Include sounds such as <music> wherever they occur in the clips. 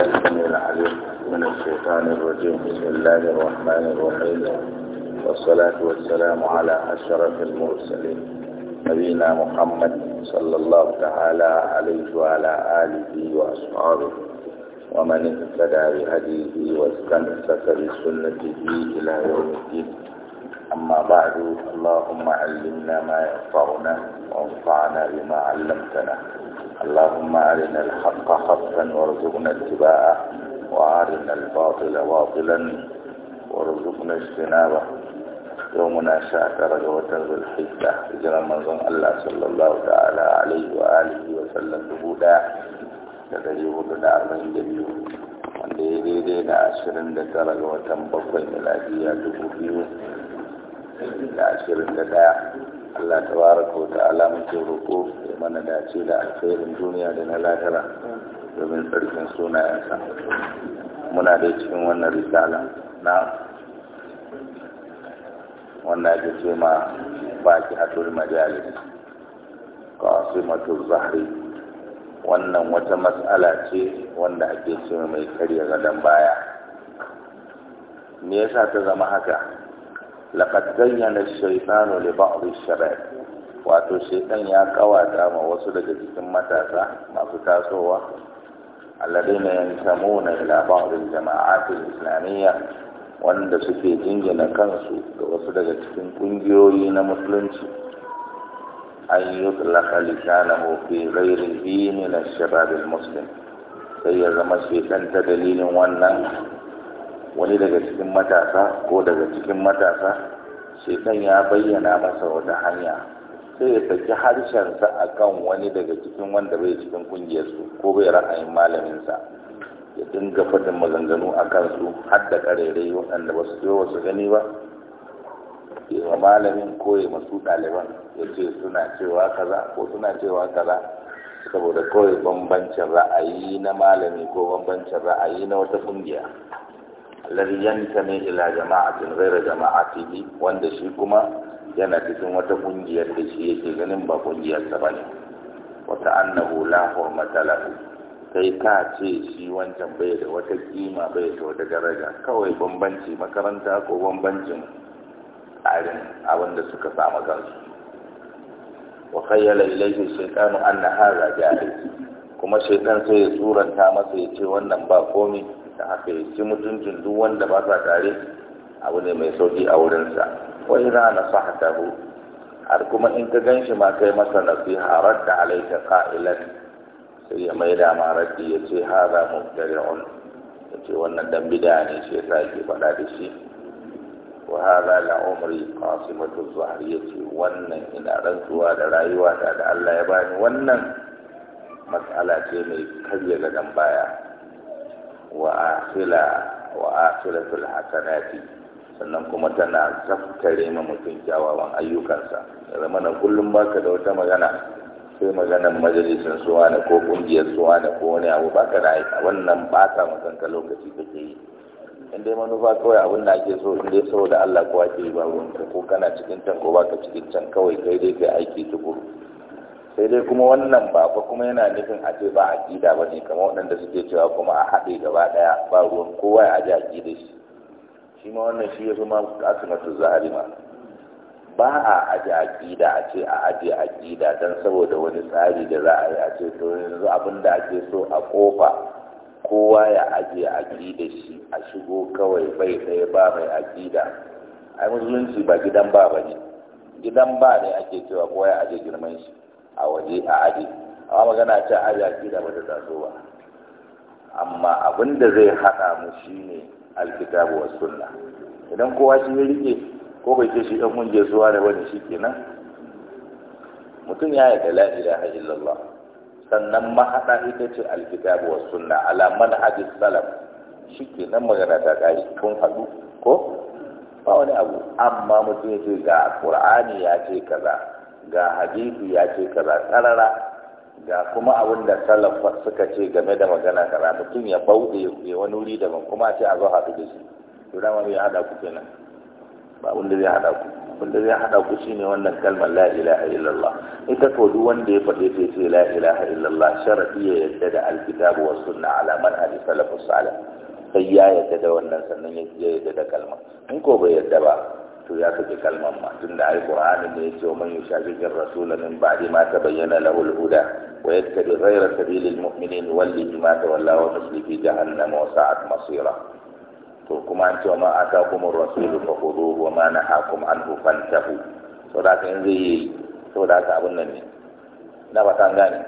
السميع العليم من الشيطان الرجيم بسم الله الرحمن الرحيم والصلاة والسلام على أشرف المرسلين نبينا محمد صلى الله تعالى عليه وعلى آله وأصحابه ومن اهتدى بهديه واستمسك بسنته إلى يوم الدين أما بعد اللهم علمنا ما ينفعنا وانفعنا بما علمتنا اللهم أرنا الحق حقا وارزقنا اتباعه وأرنا الباطل باطلا وارزقنا اجتنابه يومنا شاكر جوتر بالحجة إجرى منظم الله صلى الله تعالى عليه وآله وسلم بهدى تدري لنا أربعين دبيو wanda ya daidai da ashirin da tara ga watan bakwai miladiya Allah tabaraka wa ta'ala muke roƙo ya mana dace da alkhairin duniya da na lahira domin tsarkin sunayensa muna da cikin wannan risala na wannan ya ce ma baki hatul majalis qasimatul zahri wannan wata matsala ce wanda ake ce mai karya dan baya me yasa ta zama haka laqad zayyana ash-shaytanu li ba'd shabab wato shaytan ya kawata ma wasu daga cikin matasa masu tasowa alladheena yantamuna ila ba'd al-jama'at al-islamiyya wanda suke jingina kansu ga wasu daga cikin kungiyoyi na musulunci an yutlaqa lisanahu fi ghairi dini na shabab al-muslim sai ya zama shaytan ta dalilin wannan wani daga cikin matasa ko daga cikin matasa shekan ya bayyana masa wata hanya sai ya saki harshensa a kan wani daga cikin wanda bai cikin kungiyarsu ko bai ra'ayin malaminsa ya dinga fadin maganganu a kansu har da karerai waɗanda ba su yi wasu gani ba wa malamin ko ya masu ɗaliban ya ce suna cewa kaza ko suna cewa kaza saboda kawai bambancin ra'ayi na malami ko bambancin ra'ayi na wata kungiya alladhi yantami ila jama'atin ghayra jama'atihi wanda shi kuma yana cikin wata kungiyar da shi yake ganin ba kungiyar sa bane wata annahu la hurmata lahu kai ka ce shi wancan bai da wata kima bai da wata daraja kawai bambanci makaranta ko bambancin tsarin abin da suka samu kansu wa khayyala ilayhi shaytanu anna hadha jaiz kuma shaytan sai ya suranta masa ya ce wannan ba komai da aka yi shi mutuncin duk wanda ba sa tare abu ne mai sauki a wurinsa sa idza nasahatahu har kuma in ka ganshi ma kai masa nasiha radda alayka qa'ilan sai ya mai da ma raddi ya ce hada on. ya ce wannan dan bid'a ne shi sa ke faɗa da shi wa hada la umri qasimatu zahri ya ce wannan ina rantsuwa da rayuwata, da Allah ya bani wannan mas'ala ce mai karya gadon baya wa wa hasanati sannan kuma tana zaftare ma mutum kyawawan ayyukansa ya zama na kullum baka da wata magana sai maganar majalisin suwa ne ko kungiyar suwa ne ko wani abu baka da aika wannan baka makanka lokaci ke yi in dai manufa kawai abin da ake so in dai saboda Allah kowa ke yi ba ko kana cikin can ko baka cikin can kawai kai dai kai aiki tukuru sai dai kuma wannan ba fa kuma yana nufin a ce ba gida ba ne kamar waɗanda suke cewa kuma a haɗe gaba ɗaya ba ruwan kowa ya aji gida shi shi ma wannan shi ya fi ma na zahari ma ba a aji gida a ce a aji gida don saboda wani tsari da za a yi a ce to yanzu abin da ake so a kofa kowa ya aje gida shi a shigo kawai bai ɗaya ba mai gida ai musulunci ba gidan ba ba ne. gidan ba ne ake cewa kowa ya aje girman shi a waje a aji amma magana aji a yaki ba ta taso ba amma abin da zai haɗa mu shine alkitabu wa sunna idan kowa shi ya rike ko bai ce shi ɗan mun je suwa da wani shi kenan mutum ya yi da la ha illallah sannan mahaɗa ita ce alkitabu wa sunna ala manhajis salam shi kenan magana ta kai kun haɗu ko ba wani abu amma mutum ya ce ga ƙurani ya ce kaza ga hadisi ya ce kaza karara ga kuma abin da salafa suka ce game da magana kaza mutum ya bauɗe ya wani wuri daban kuma ce a zo haɗu da shi to dama zai haɗa ku kenan ba wanda zai haɗa ku wanda zai haɗa ku shine wannan kalmar la ilaha illallah ita ko duk wanda ya faɗe sai ce la ilaha illallah sharadi ya yadda da alkitabu wa sunna ala manhaji salafus salih sai ya yadda da wannan sannan ya yadda da kalmar. in ko bai yadda ba to ya kake kalmar ma tun da alƙur'ani ne ce man yushaqiqir rasul min ba'di ma tabayyana lahu al-huda wa yattabi ghayra sabilil mu'minin wallahi ma tawalla wa fi jahannam wa sa'at masira to kuma an ce ma aka kuma rasul fa hudu, wa ma nahakum anhu fantahu to da kan zai yi to da ka abun nan ne na ba san gane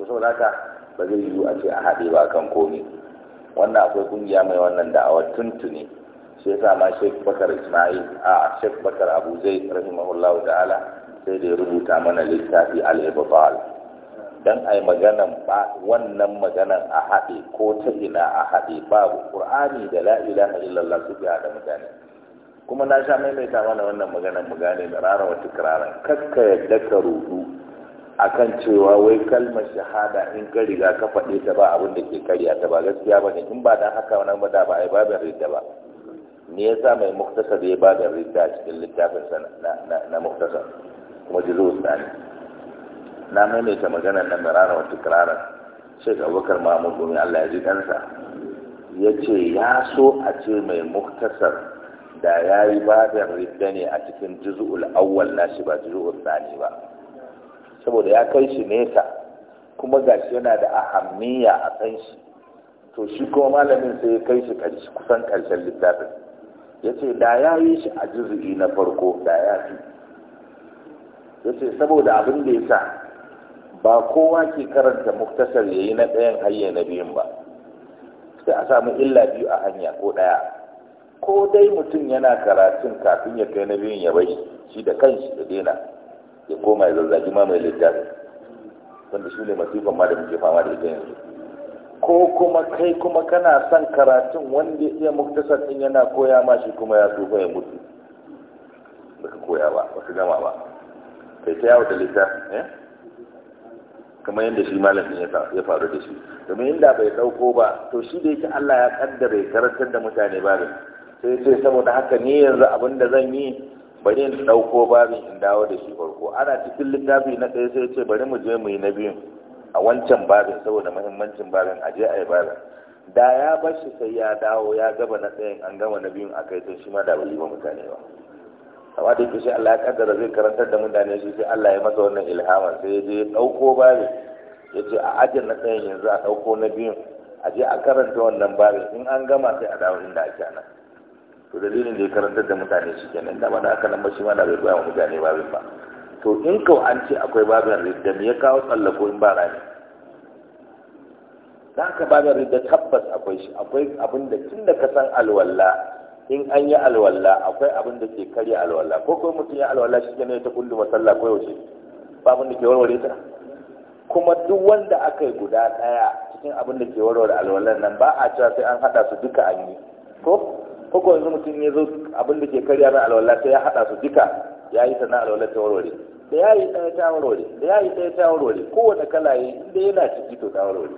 to saboda haka ba zai yiwu a ce a haɗe ba kan komi wannan akwai kungiya mai wannan da'awar tuntuni Sai yasa ma Sheikh Bakar Ismail a Sheikh Bakar Abu Zaid rahimahullahu ta'ala sai da ya rubuta mana littafi al-ibtal dan ai maganan ba wannan maganan a haɗe ko ta ina a haɗe babu Qur'ani da la ilaha illallah su ga da mutane kuma na sha maimaita mana wannan maganan mu gane da rara wata kiraran kakka yadda ka rudu akan cewa wai kalmar shahada in ka riga ka faɗe ta ba abin da ke karya ta ba gaskiya ba ne in ba dan haka wannan ba da ba ai babin ridda ba Ne ya sa mai muktasar ya ba da a cikin littafin na muktasar kuma jizo tsani na maimaita maganar nan mirara wata kirarar shek abubakar mahmud gumi allah ya ji kansa ya ce ya so a ce mai muktasar da ya yi ba da ridda ne a cikin juzu'ul awwal nashi ba juzu'ul tsani ba saboda ya kai shi nesa kuma gashi yana da ahammiya a kan shi to shi kuma malamin sai ya kai shi kusan karshen littafin ya ce da ya yi shi a juzu'i na farko da ya fi ya ce saboda abin da ya sa ba kowa ke karanta muktasar ya yi na ɗayan hanyar na biyun ba sai a samu illa biyu a hanya ko ɗaya ko dai mutum yana karatun kafin ya kai na biyun ya bari shi da kanshi da daina ya koma ya zazzagi ma mai littafi wanda shi ne masifan ma da muke fama da ita yanzu ko kuma kai kuma kana son karatun wanda iya muktasar din yana koya ma shi kuma ya tsufa ya mutu baka koya ba baka gama ba kai ta yawo da littafi eh kamar yadda shi malamin ya faru da shi domin inda bai dauko ba to shi da yake Allah ya kaddare karantar da mutane ba da sai sai saboda haka ne yanzu abin da zan yi bari in dauko babin in dawo da shi farko ana cikin littafi na ɗaya sai ce bari mu je mu yi na biyun a wancan babin saboda mahimmancin babin a je a yi da ya bar shi sai ya dawo ya gaba na tsayin an gama na biyun kai sai shi ma da ba mutane ba amma da yake shi Allah ya kaddara zai karantar da mutane shi sai Allah ya masa wannan ilhaman sai ya je ya dauko babin ya ce a ajin na tsayin yanzu a dauko na biyun a je a karanta wannan babin in an gama sai a dawo inda ake nan to dalilin da ya karantar da mutane shi kenan da ba da haka nan ba shi ma da bai koya wa mutane babin ba to in kawo an ce akwai babin ridda me ya kawo tsallako in ba rani Za ka babin ridda tabbas akwai shi akwai abin da tun da ka san alwallah in an yi alwala akwai abin da ke karya alwala ko kuma mutum ya alwala shi ke ne ta kullu masalla ko yaushe ba abin da ke warware ta kuma duk wanda aka yi guda ɗaya cikin abin da ke warware alwallan nan ba a cewa sai an haɗa su duka an yi ko ko yanzu mutum ya zo abin da ke karya na alwala sai ya haɗa su duka ya yi sana a ta warware da ya yi ɗaya ta warware da ya yi ɗaya ta warware kowane kala ya yi inda yana ciki to ta warware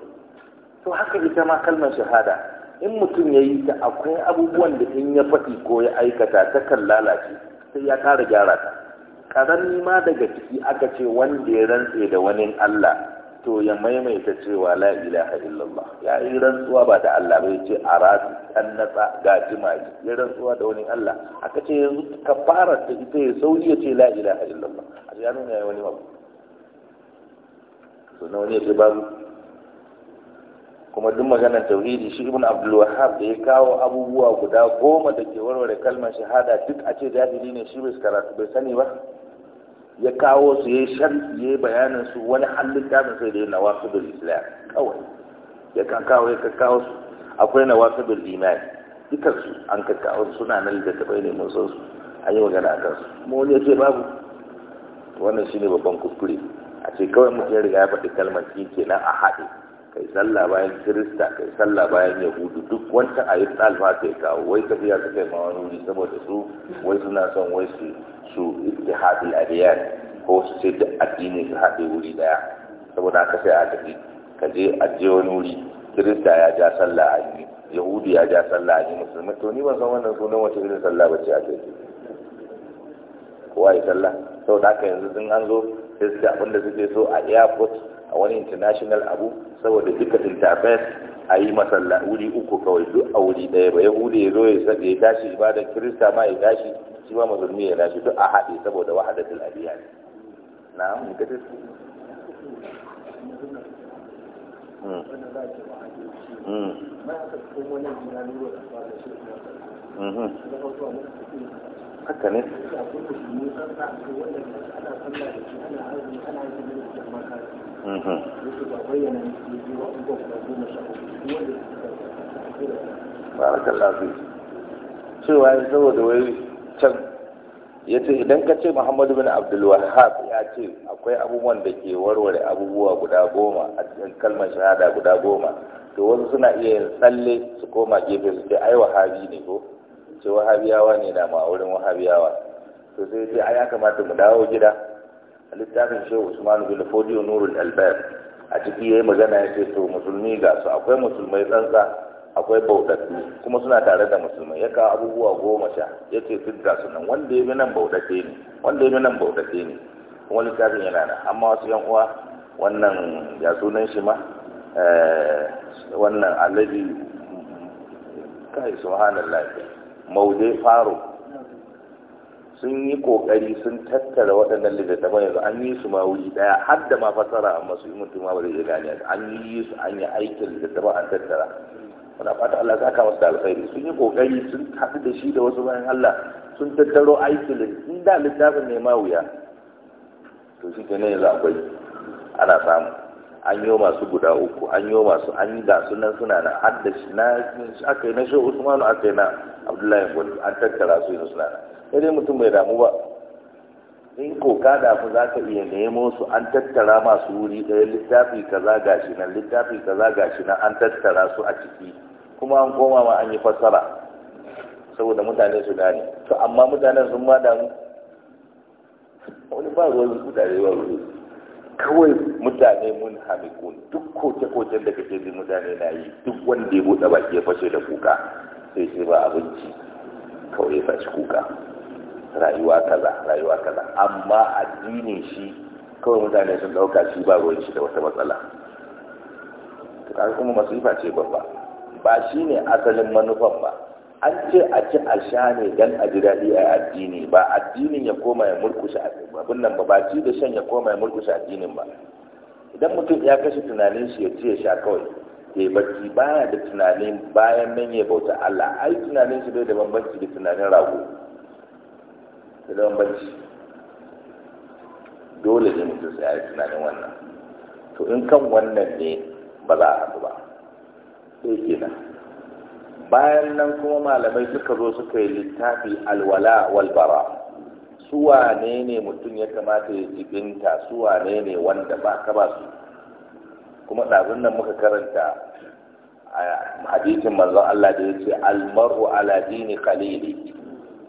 to haka ita ma kalmar shahada in mutum ya yi ta akwai abubuwan da in ya faɗi ko ya aikata ta kan lalace sai ya ƙara gyara ta ƙarami ma daga ciki aka ce wanda ya rantse da wani Allah to ya maimaita cewa la ilaha illallah ya yi rantsuwa ba da Allah bai ce a rasu an natsa ga jima'i ya rantsuwa da wani Allah aka ce yanzu ka fara da ita ya sauri ya ce la ilaha illallah a ya nuna ya wani abu so na wani ya ce babu kuma duk maganar tauhidi shi ibn abdul wahhab da ya kawo abubuwa guda goma da ke warware kalmar shahada duk a ce jahili ne shi bai karatu bai sani ba ya kawo su ya shan ya yi bayanin su wani halin tafin sai da ya nawasu bil islam kawai ya kan kawo ya kawo su akwai nawasu bil dukkan su an kakkawo suna nan da taɓa ne mun san su an yi magana a kansu mu wani ya babu wannan shine babban kuskure a ce kawai mutum ya riga ya faɗi kalmar shi kenan a haɗe kai sallah bayan kirista kai sallah bayan yahudu duk wancan a yi alfa kai kawo wai tafiya su kai ma saboda su wai suna son wai su su ittihadul adiyan ko su ce da addini su haɗe wuri daya saboda ka sai a tafi ka je a je wani wuri kirista ya ja sallah a yi yahudi ya ja sallah a yi musulmi to ni ban san wannan sunan wace irin sallah ba ce a kai kowa ya sallah saboda haka yanzu sun an zo sai su abin da suke so a airport a wani international abu saboda duka interface a yi masalla wuri uku kawai duk a wuri ɗaya ba yahudi ya zo ya tashi ba da ibada kirista ma ya tashi shi ba musulmi ya nashi duk a haɗe saboda wahadatul abiya ne na mun kace haka ne hmm. barakallahu cewa saboda wai can ya ce idan ka ce muhammadu bin abdulwahab ya ce akwai abubuwan da ke warware abubuwa guda goma a cikin kalmar shahada guda goma to wasu suna iya yin tsalle su koma gefe su ce ai wahabi ne ko ce wahabiyawa ne da ma wurin wahabiyawa to sai ce ai ya kamata mu dawo gida a littafin shehu usman bin fodiyo nurul albab a ciki yayi magana ya ce to musulmi ga su akwai musulmai tsantsa akwai bautattu kuma suna tare da musulmai ya kawo abubuwa goma sha ya ce duk ga sunan wanda ya bi nan bautatte ne wanda ya bi nan bautatte ne kuma littafin yana nan amma wasu yan uwa wannan ya sunan shi ma eh, wannan alabi kai subhanallah maude faro sun yi kokari sun tattara waɗannan littattafan yanzu an yi su ma wuri daya har da ma fasara amma su yi mutum ma ba zai iya gane an yi su an yi aikin littattafan an tattara muna fata Allah zaka wasu da alkhairi sun yi kokari sun haɗu da shi da wasu bayan Allah sun tattaro aikin in da littafin ne ma wuya to shi kenan yanzu akwai ana samu an yi masu guda uku an yi masu an yi gasu nan suna na har da shi na aka yi na usmanu aka yi na abdullahi gwani an tattara su yanzu suna na sai dai mutum bai damu ba in ko ka dafu za ka iya nemo su an tattara masu wuri ɗaya littafi ga shi nan littafi ga shi nan an tattara su a ciki kuma an koma ma an yi fassara saboda mutane su gane to amma mutanen sun ma damu wani ba ruwan mutane ba ruwan kawai mutane mun hamikun duk koke-koken da kake bi mutane na yi duk wanda ya buɗe baki ya fashe da kuka sai sai ba abinci kawai ya fashe kuka rayuwa kaza rayuwa kaza amma addinin shi kawai mutane sun dauka shi ba ruwan shi da wata matsala To kaga kuma masifa ce babba ba shi ne asalin manufan ba an ce a ci a sha ne don a ji daɗi a addini ba addinin ya koma ya murkushe abin nan ba ba ci da shan ya koma ya murkushe addinin ba idan mutum ya kashe tunanin shi ya ci ya sha kawai ke baki baya da tunanin bayan manya ya bauta Allah ai tunanin shi bai da bambanci da tunanin rago da bacci dole ne mutum sai ya yi tunanin wannan to in kan wannan ne ba za a haɗu ba sai kenan bayan nan kuma malamai suka zo suka yi littafi alwala walbara su wane ne mutum ya kamata ya jibinta su wane ne wanda ba ka ba su kuma ɗazun nan muka karanta a hadisin manzon Allah da ya ce almaru ala dini qalili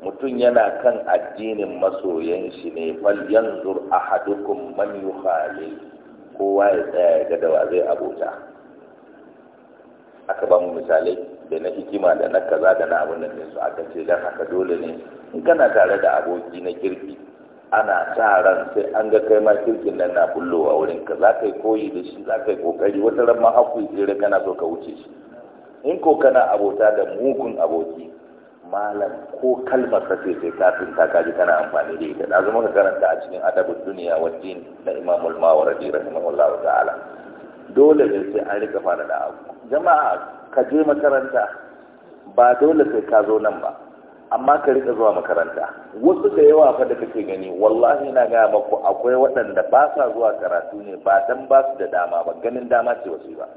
mutum yana kan addinin masoyan shi ne fal yanzur ahadukum man yukhali kowa ya tsaya ga da wa zai abota aka ba mu misalai da na hikima da na kaza da na abin da su aka ce dan haka dole ne in kana tare da aboki na kirki ana sa ran sai an ga kai ma kirkin nan na bullowa wurin ka za ka yi koyi da shi za ka yi kokari wata ran ma haku tsere kana so ka wuce shi in ko kana abota da mugun aboki malam ko kalmar ka ce sai kafin ta kaji tana amfani da ita na zama ka karanta a cikin adabin duniya wa din da imamul mawardi rahimahullahu ta'ala dole ne sai an rika fara da abu jama'a ka je makaranta ba dole sai ka zo nan ba amma ka rika zuwa makaranta wasu da yawa fa da kake gani wallahi na gaya maku akwai waɗanda ba sa zuwa karatu ne ba dan ba su da dama ba ganin dama ce wasu ba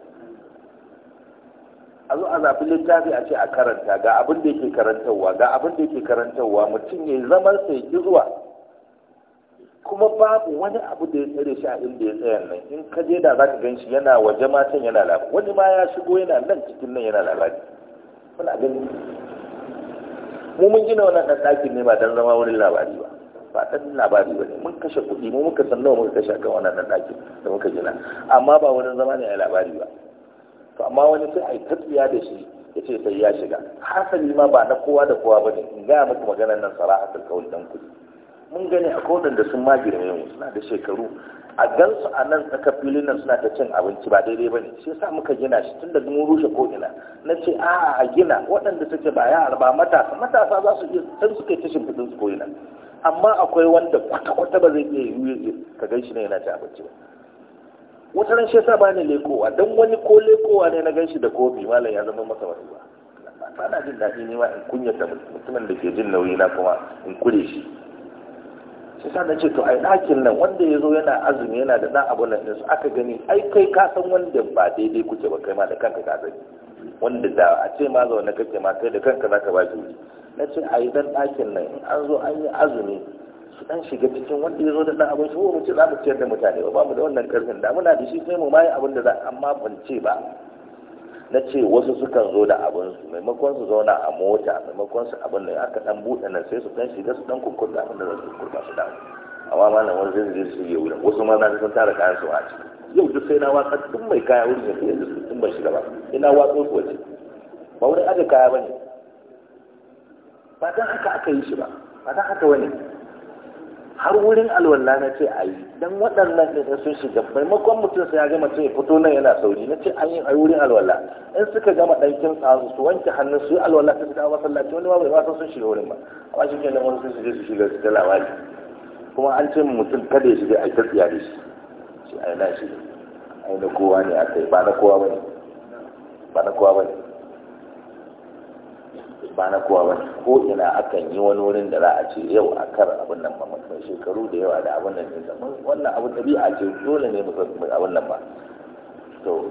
a zo a zafi littafi a ce a karanta ga abin da yake karantarwa ga abin da yake karantarwa mutum ya zama sai ya zuwa kuma babu wani abu da ya tsare shi a inda ya tsaya nan in ka je da zaka gan shi yana waje matan yana lafi wani ma ya shigo yana nan cikin nan yana labari kuna gani mu mun gina wannan ɗan ɗakin ne ba dan zama wurin labari ba ba ɗan labari ba ne mun kashe kuɗi mu muka san nawa muka kashe kan wannan ɗan ɗakin da muka gina amma ba wurin zama ne a labari ba to amma wani sai a yi tatsiya da shi ya ce sai ya shiga hasali ma ba na kowa da kowa ba ne in gaya muku maganar nan sarahatul kawai dan kudi mun gani a kodan da sun magirme mu suna da shekaru a gansu a nan tsakar filin nan suna ta cin abinci ba daidai ba ne shi sa muka gina shi tun da mun rushe ko'ina na ce a a gina waɗanda suke ba yara ba matasa matasa za su iya san suke ta shimfiɗin su ko'ina amma akwai wanda kwata-kwata ba zai iya yi ka gan shi ne yana ci abinci ba wata ran shi yasa ba ni lekowa dan wani ko lekowa ne na ganshi da kofi malam ya zama masa wani ba na jin daɗi ne ma in kunya ta mutumin da ke jin nauyi na kuma in kure shi shi sa na ce to ai ɗakin nan wanda ya zo yana azumi yana da ɗan abu nan su aka gani ai kai ka san wanda ba daidai kuke ba kai ma da kanka ka zai wanda da a ce ma zaune kake ma kai da kanka za ka ba ki na ce ai dan ɗakin nan in an zo an yi azumi su dan shiga cikin wanda ya zo da ɗan abin su mu ce za mu ciyar da mutane ba mu da wannan karfin da muna da shi sai mu mai abin da za amma ban ce ba na ce wasu sukan zo da abin su maimakon su zauna a mota maimakon su abin da aka dan buɗe nan sai su dan shiga su dan da abin da za su kukkurta su da amma malam wani zai zai su yi wurin wasu ma na sun tara kayan su a ciki yau duk sai na watsa duk mai kaya wurin ya fiye da su tun ban shiga ba ina watsa su wace ba wurin aje kaya ba ne ba dan haka aka yi shi ba ba dan haka wani har wurin alwala na ce a yi don waɗannan ɗin sun shiga maimakon mutum sai ya gama ce fito nan yana sauri na ce an yi a wurin alwala in suka gama ɗankin tsazu su wanke hannun su alwala su dawo masallaci wani ma bai wasan sun shiga wurin ba amma shi nan wani sun shiga su shiga su ta labari kuma an ce mutum kada ya shiga a ta tsiyari da shi shi a yi na shi yi na kowa ne a kai ba na kowa ba ne ba na kowa ba ne ba na kowa ba ko ina akan yi wani wurin da za a ce yau a kar abin nan ba mutum shekaru da yawa da abin nan ɗinsa wannan abu ɗabi'a ce dole ne mu san abin nan ba to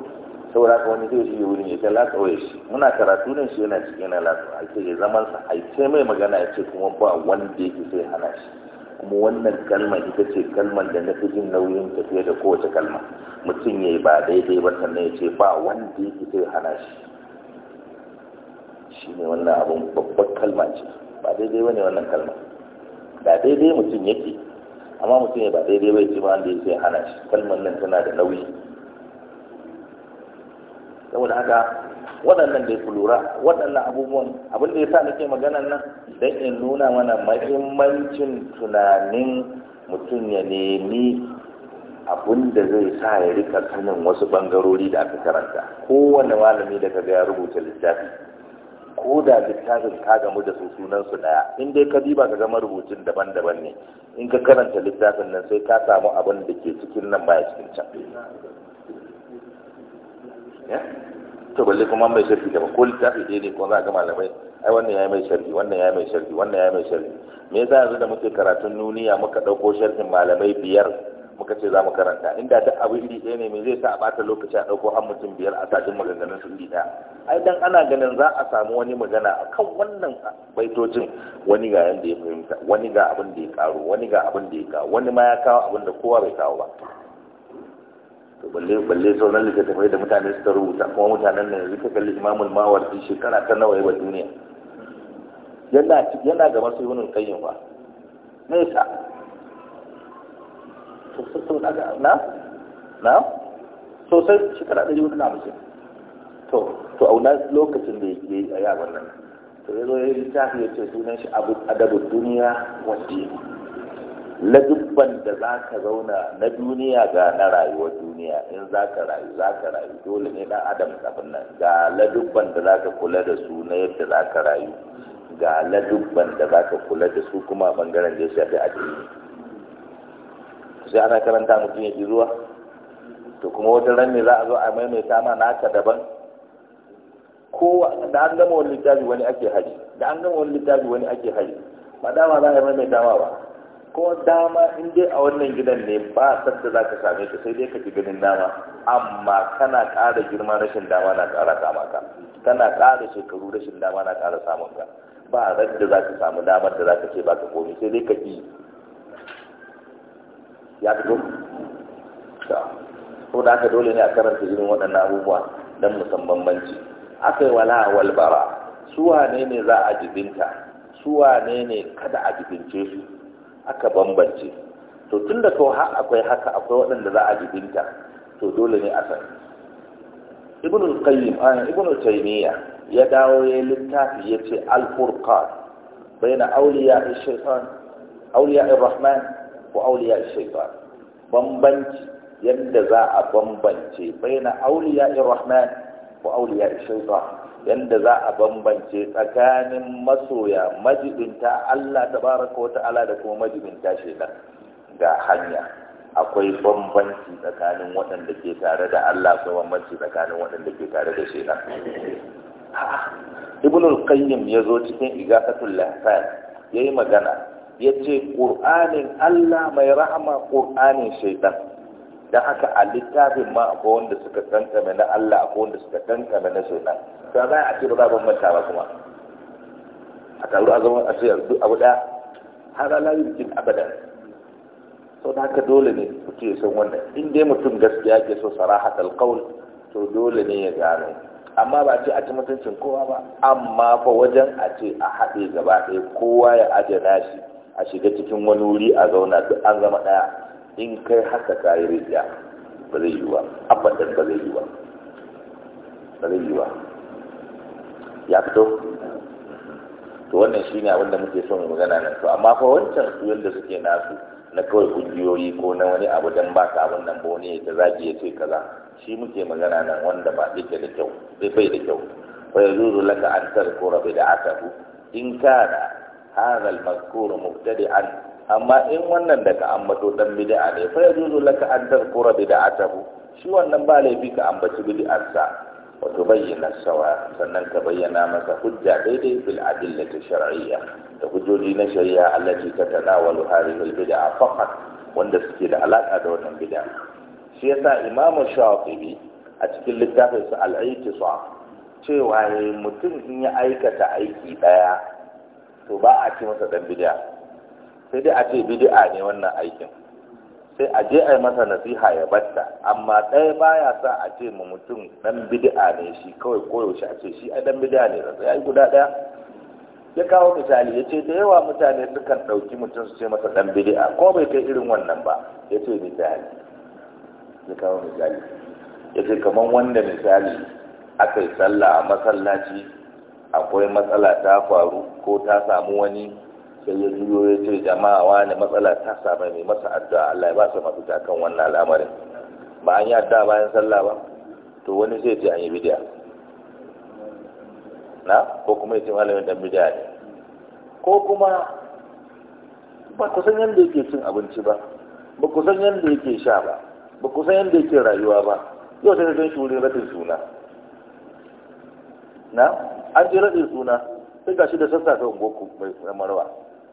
saboda ka wani zai shige wurin ya ta latsa shi muna karatu ne shi yana cikin yana latsa a ce ya zama sa a ce mai magana ya ce kuma ba wanda yake sai hana shi kuma wannan kalma ita ce kalmar da na fi jin nauyin tafiya da kowace kalma mutum ya yi ba daidai ba sannan ya ce ba wanda yake sai hana shi shi ne wannan abin babbar kalma ce ba daidai ba ne wannan kalma da daidai mutum yake amma mutum ya ba daidai bai ce ma wanda yake hana shi kalmar nan tana da nauyi saboda haka waɗannan da ku lura waɗannan abubuwan abin da ya sa nake maganan nan don in nuna mana mahimmancin tunanin mutum ya nemi abin da zai sa ya rika sanin wasu ɓangarori da aka karanta kowane malami da ga ya rubuta littafi ko da littafin ka gamu da su sunan su daya in dai ka diba ka gama rubutun daban-daban ne in ka karanta littafin nan sai ka samu abin da ke cikin nan baya cikin can to balle kuma mai sharhi da ko littafi dai ne ko za ga malamai ai wannan yayi mai sharhi wannan yayi mai sharhi wannan yayi mai sharhi me yasa yanzu da muke karatun nuniya muka ɗauko sharhin malamai biyar muka ce za mu karanta inda duk abu iri ɗaya ne me zai sa a ɓata lokaci a ɗauko har mutum biyar a sajin maganganun su iri ɗaya ai dan ana ganin za a samu wani magana a kan wannan baitocin wani ga yanda ya fahimta wani ga abin da ya karo wani ga abin da ya kawo wani ma ya kawo abin da kowa bai kawo ba to balle balle sauran littattafai da mutane suka rubuta kuma mutanen nan yanzu ka kalli imamul mawardi shekara ta nawa ya ba duniya yana yana gaban sai wani kayyin fa nesa to so sosai shekara ɗari hudu na hamsin to to auna lokacin da ya yi a yawan nan to ya zo ya yi tafi ya ce sunan shi abu adabin duniya wasu ladubban da za ka zauna na duniya ga na rayuwar duniya in za ka rayu za ka rayu dole ne dan adam abin nan ga ladubban da za ka kula da su na yadda za ka rayu ga ladubban da za ka kula da su kuma a bangaren da ya shafi addini sai ana karanta mutum ya ji ruwa to kuma wata ran ne za a zo a maimaita ma naka daban kowa da an gama wani littafi wani ake hari da an gama wani littafi wani ake hari ba dama za a maimaita ma ba ko dama in dai a wannan gidan ne ba da za ka same ta sai dai ka ji ganin dama amma kana ƙara girma rashin dama na ƙara kama ka kana ƙara shekaru rashin dama na ƙara samun ka ba da za ka samu damar da za ka ce ba ka komi sai dai ka ji. ya fito ko da haka dole ne a karanta irin waɗannan abubuwa don musan bambanci aka yi wala walbara su ne ne za a jibinta su ne ne kada a jibince su aka bambance to tun da ha akwai haka akwai waɗanda za a jibinta to dole ne a san ibn qayyim an ibn taymiya ya dawo ya littafi ce al-furqan bayna awliya ash-shaytan awliya ar-rahman ko auliya shaitan bambanci yadda za a bambance baina auliya irrahman ko auliya shaitan yadda za a bambance tsakanin masoya majibinta Allah tabaraka wata'ala da kuma majibinta shaitan ga hanya akwai bambanci tsakanin waɗanda ke tare da Allah akwai bambanci tsakanin waɗanda ke tare da shaitan ibnul qayyim yazo cikin igasatul lahfan yayi magana ya ce ƙur'anin Allah mai rahama ƙur'anin shaidan don haka a littafin ma akwai wanda suka kankame na Allah akwai wanda suka kankame na shaidan ta za a ce ba za a ba kuma a taru a zama a ce duk abu ɗaya har ala yi jikin abadan sau da haka dole ne mutum ya san wannan in dai mutum gaskiya ke so sarahat alƙaul to dole ne ya gano amma ba ce a ci mutuncin kowa ba amma fa wajen a ce a haɗe gaba ɗaya kowa ya aje nashi a shiga cikin wani wuri a zauna duk an zama ɗaya in kai haka ka yi rijiya ba zai yi wa? abadan ba zai yi ba ba zai yi wa? ya fito to wannan shi ne abinda muke son magana nan to amma ko wancan su da suke nasu na kawai kungiyoyi ko na wani abu don ba ka abin nan ba wani ta zagi ya ce kaza shi muke magana nan wanda ba ɗike da kyau bai bai da kyau fa zuzu laka an rabe da aka in kana hadha al-mazkur mubtadi'an amma in wannan da ka ambato dan bid'a ne fa yajuzu laka an tadhkura bid'atahu shi wannan ba laifi ka ambaci sa wa tubayyana sawa sannan ka bayyana masa hujja daidai bil adillati shar'iyya da hujjoji na shari'a allati tatanawalu hadhihi al bid'a faqat wanda suke da alaka da wannan bid'a shi yasa imam shafi'i a cikin littafin sa al-i'tisam cewa mutum in ya aikata aiki daya to ba a ce masa dan bid'a sai dai a ce bid'a ne wannan aikin sai a je a yi masa nasiha ya batta amma ɗaya baya sa a ce ma mutum dan bid'a ne shi kawai koyaushe a ce shi ai dan bid'a ne da yi guda ɗaya ya kawo misali ya ce da yawa mutane sukan ɗauki mutum su ce masa dan bid'a ko bai kai irin wannan ba ya ce misali ya kawo misali ya ce kamar wanda misali aka yi sallah a masallaci akwai matsala ta faru ko ta samu wani sai ya juyo ya ce jama'a wani matsala ta samu mai masa addu'a Allah ya ba su mafita kan wannan al'amarin ba an yi addu'a bayan sallah ba to wani zai ce an yi bidiya na ko kuma ya ce malamin dan bidiya ne ko kuma ba ku san yadda yake cin abinci ba ba ku san yadda yake sha ba ba ku san yadda yake rayuwa ba yau sai da gan shi wurin ratin suna na an je raɗin suna sai shi da sassafe ungoku mai samarwa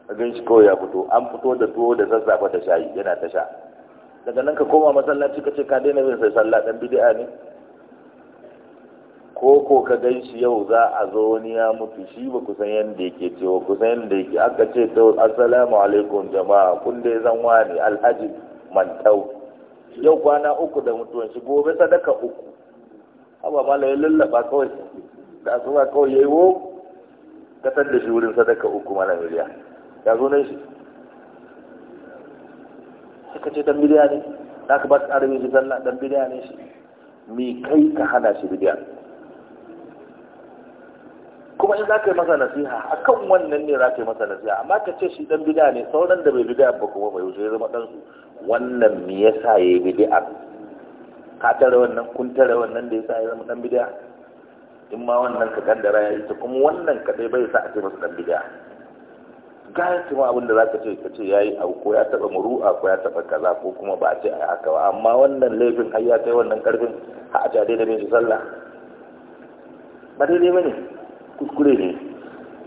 ka gan shi kawai ya fito an fito da tuwo da sassafe da shayi yana ta sha daga nan ka koma masallaci ka ce ka daina bin sai sallah dan bid'a ne ko ko ka gan shi yau za a zo wani ya mutu shi ba ku san yadda yake ce ba ku san yadda yake aka ce to assalamu alaikum jama'a kun dai zan wani alhaji mantau yau kwana uku da mutuwan shi gobe sadaka uku haba ma ya lallaba kawai da asuba kawai ya yi wo katar da shi wurin sadaka uku mana miliya ya zo nan shi suka ce dan miliya ne Za ka ba su ƙarfi shi zalla dan miliya ne shi mi kai ka hana shi miliya kuma in za ka yi masa nasiha a kan wannan ne za ka yi masa nasiha amma ka ce shi dan bidiya ne sauran da bai bidiya ba kuma bai wuce ya zama ɗansu. wannan me yasa ya yi bidiya ka tare wannan kun tare wannan da yasa ya zama dan bidiya in ma wannan ka kaddara ya yi ta kuma wannan kadai bai sa a ce masa dan bid'a gaya kuma abinda da zaka ce ka ce yayi abu ko ya taba muru'a ko ya taba kaza ko kuma ba a ce ai haka ba amma wannan laifin har ya kai wannan karfin a ce da ne shi sallah ba daidai bane kuskure ne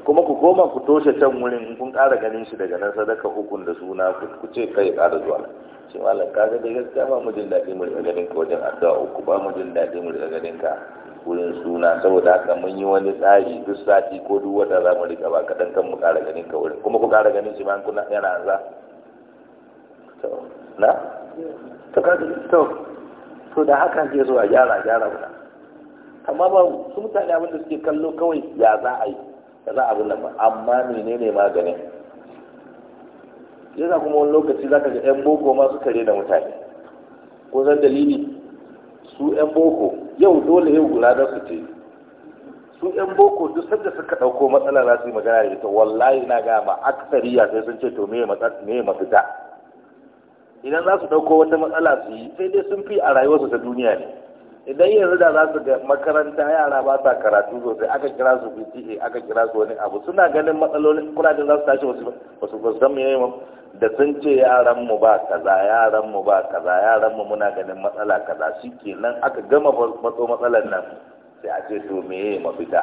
kuma ku koma ku toshe can wurin kun ƙara ganin shi daga nan sadaka hukun da suna ku ce kai ƙara zuwa shi malam kaga dai gaskiya ba mu jin daɗi mu riga ganin ka wajen addu'a ku ba mu jin daɗi mu riga ganin ka wurin suna saboda haka mun yi wani tsari duk sati ko duk wata za mu rika ba kaɗan kan mu ƙara ganin ka wurin kuma ku ƙara ganin shi bayan kuna yana za na to ka to to da haka ke so a gyara gyara wuna amma ba su mutane abinda suke kallo kawai ya za a yi ya za a abin nan ba amma menene maganin yasa kuma wani lokaci zaka ga yan boko ma suka rena mutane ko zan dalili su yan boko yau dole yau gula don su ce su yan boko duk sanda suka ɗauko matsala na su yi magana da ita wallahi na ga ma aksariya sai sun ce to me me mafita idan za su ɗauko wata matsala su yi sai dai sun fi a rayuwarsu ta duniya ne idan yanzu da za su ga makaranta yara ba sa karatu sosai aka kira su PTA aka kira su wani abu suna ganin matsalolin kudaden za su tashi wasu ba su me da sun ce yaran mu ba kaza yaran mu ba kaza yaran mu muna ganin matsala kaza nan aka gama matso matsalar nan sai a ce to meye mafita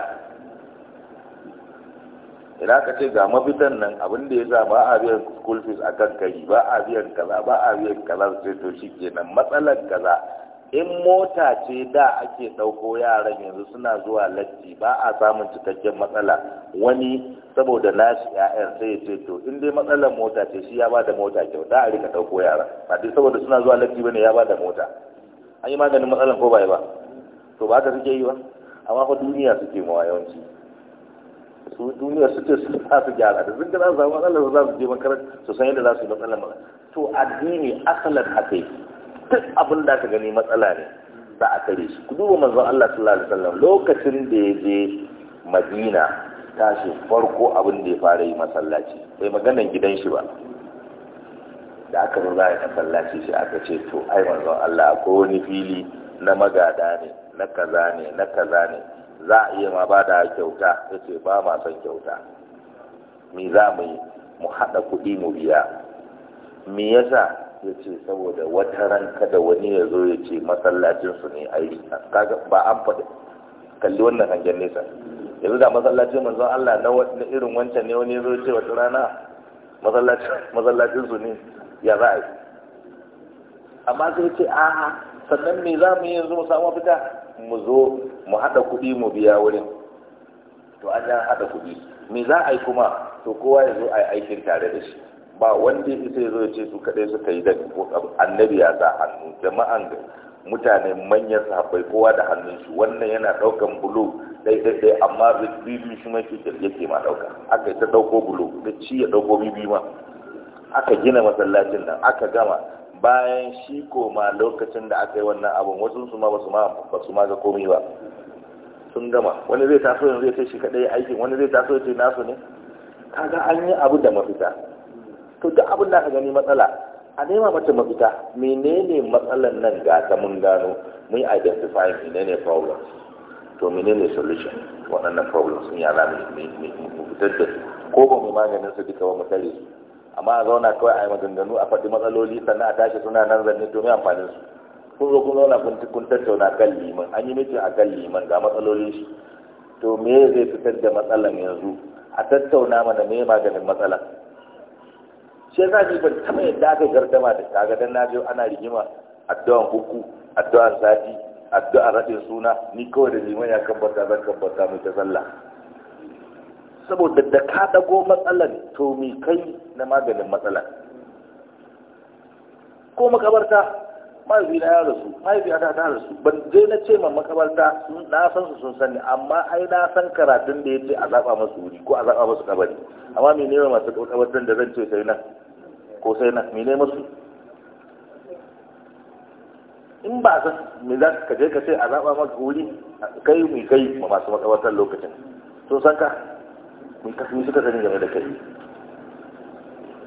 idan aka ce ga mafitan nan abin da ya sa ba a biyan school fees kan kai ba a biyan kaza ba a biyan kaza sai to kenan matsalar kaza in mota ce da ake ɗauko yaran yanzu suna zuwa latti ba a samun cikakken matsala wani saboda nashi ya'yan sai ya ce to in dai matsalar mota ce shi ya ba da mota da a rika ɗauko yara ba dai saboda suna zuwa latti bane ya ba da mota an yi maganin matsalar ko bai ba to ba ka suke yi ba amma fa duniya suke mawa yawanci su duniya su ce su za su gyara da sun za su samu matsalar su za su je makarantar su san yadda za su yi matsalar to addini asalin haka yake duk abin da ka gani matsala ne za a kare su ku duba manzon Allah sallallahu alaihi wasallam lokacin da ya je Madina tashi farko abin da ya fara yi masallaci bai maganan gidan shi ba da aka zo za a yi masallaci shi aka ce to ai manzon Allah ko wani fili na magada ne na kaza ne na kaza ne za a iya ma ba da kyauta ya ce ba ma son kyauta me za mu yi mu haɗa kuɗi mu biya me yasa ya ce saboda wata ran kada wani ya zo ya ce masallacinsu ne a yi ba an faɗi kalli wannan hangen nesa yanzu da masallacin manzo Allah na irin wancan ne wani ya zo ya ce wata rana masallacinsu ne ya za a yi amma sai ce a sannan me za mu yi yanzu mu samu fita mu zo mu haɗa kuɗi mu biya wurin to an haɗa kuɗi me za a yi kuma to kowa ya zo a yi aikin tare da shi ba wanda ya isa ya zo ya ce su kaɗai suka yi daga ko annabi ya sa hannu jama'an mutane manyan sahabbai kowa da hannun shi wannan yana ɗaukan bulo ɗaiɗaiɗai amma bibi shi ma yake ma ɗauka aka yi ta ɗauko bulo da ci ya ɗauko bibi ma aka gina masallacin nan aka gama bayan shi koma lokacin da aka yi wannan abun wasu su ma ba su ma ga komai ba sun gama wani zai taso yanzu ya kai shi kaɗai aikin wani zai taso ya ce nasu ne kaga an yi abu da mafita to duk abin da aka gani matsala a nema mace mafita menene matsalan nan ga ta mun gano mun identify menene problem to menene solution waɗannan problem sun yana zamu mu fitar da su ko ba mu maganin su duka ba mu tare su amma a zauna kawai a yi maganganu a faɗi matsaloli sannan a tashi suna nan zanne to me amfanin su kun zo kun zauna kun tattauna kan liman an yi miki a kan liman ga matsalolin shi to me zai fitar da matsalan yanzu a tattauna mana me maganin matsalan shi yasa ni ban taɓa yadda aka gardama da kaga don na je ana rigima addu'an hukku addu'an sati addu'an radin suna ni kawai da liman ya kabbata zan kabbata mai ta sallah saboda da ka ɗago matsalar to mi kai na maganin matsalar ko makabarta mahaifi na ya rasu mahaifi a ta rasu ban je na ce ma makabarta na san su sun sani amma ai na san karatun da ya ce a zaɓa masu wuri ko a zaɓa masu kabari amma nema masu kabartan da zan ce sai nan ko sai na mene musu in ba a me za ka je ka ce a zaɓa maka wuri kai mai kai ma masu makawatar lokacin sun san ka mai kasmi suka sani game da kai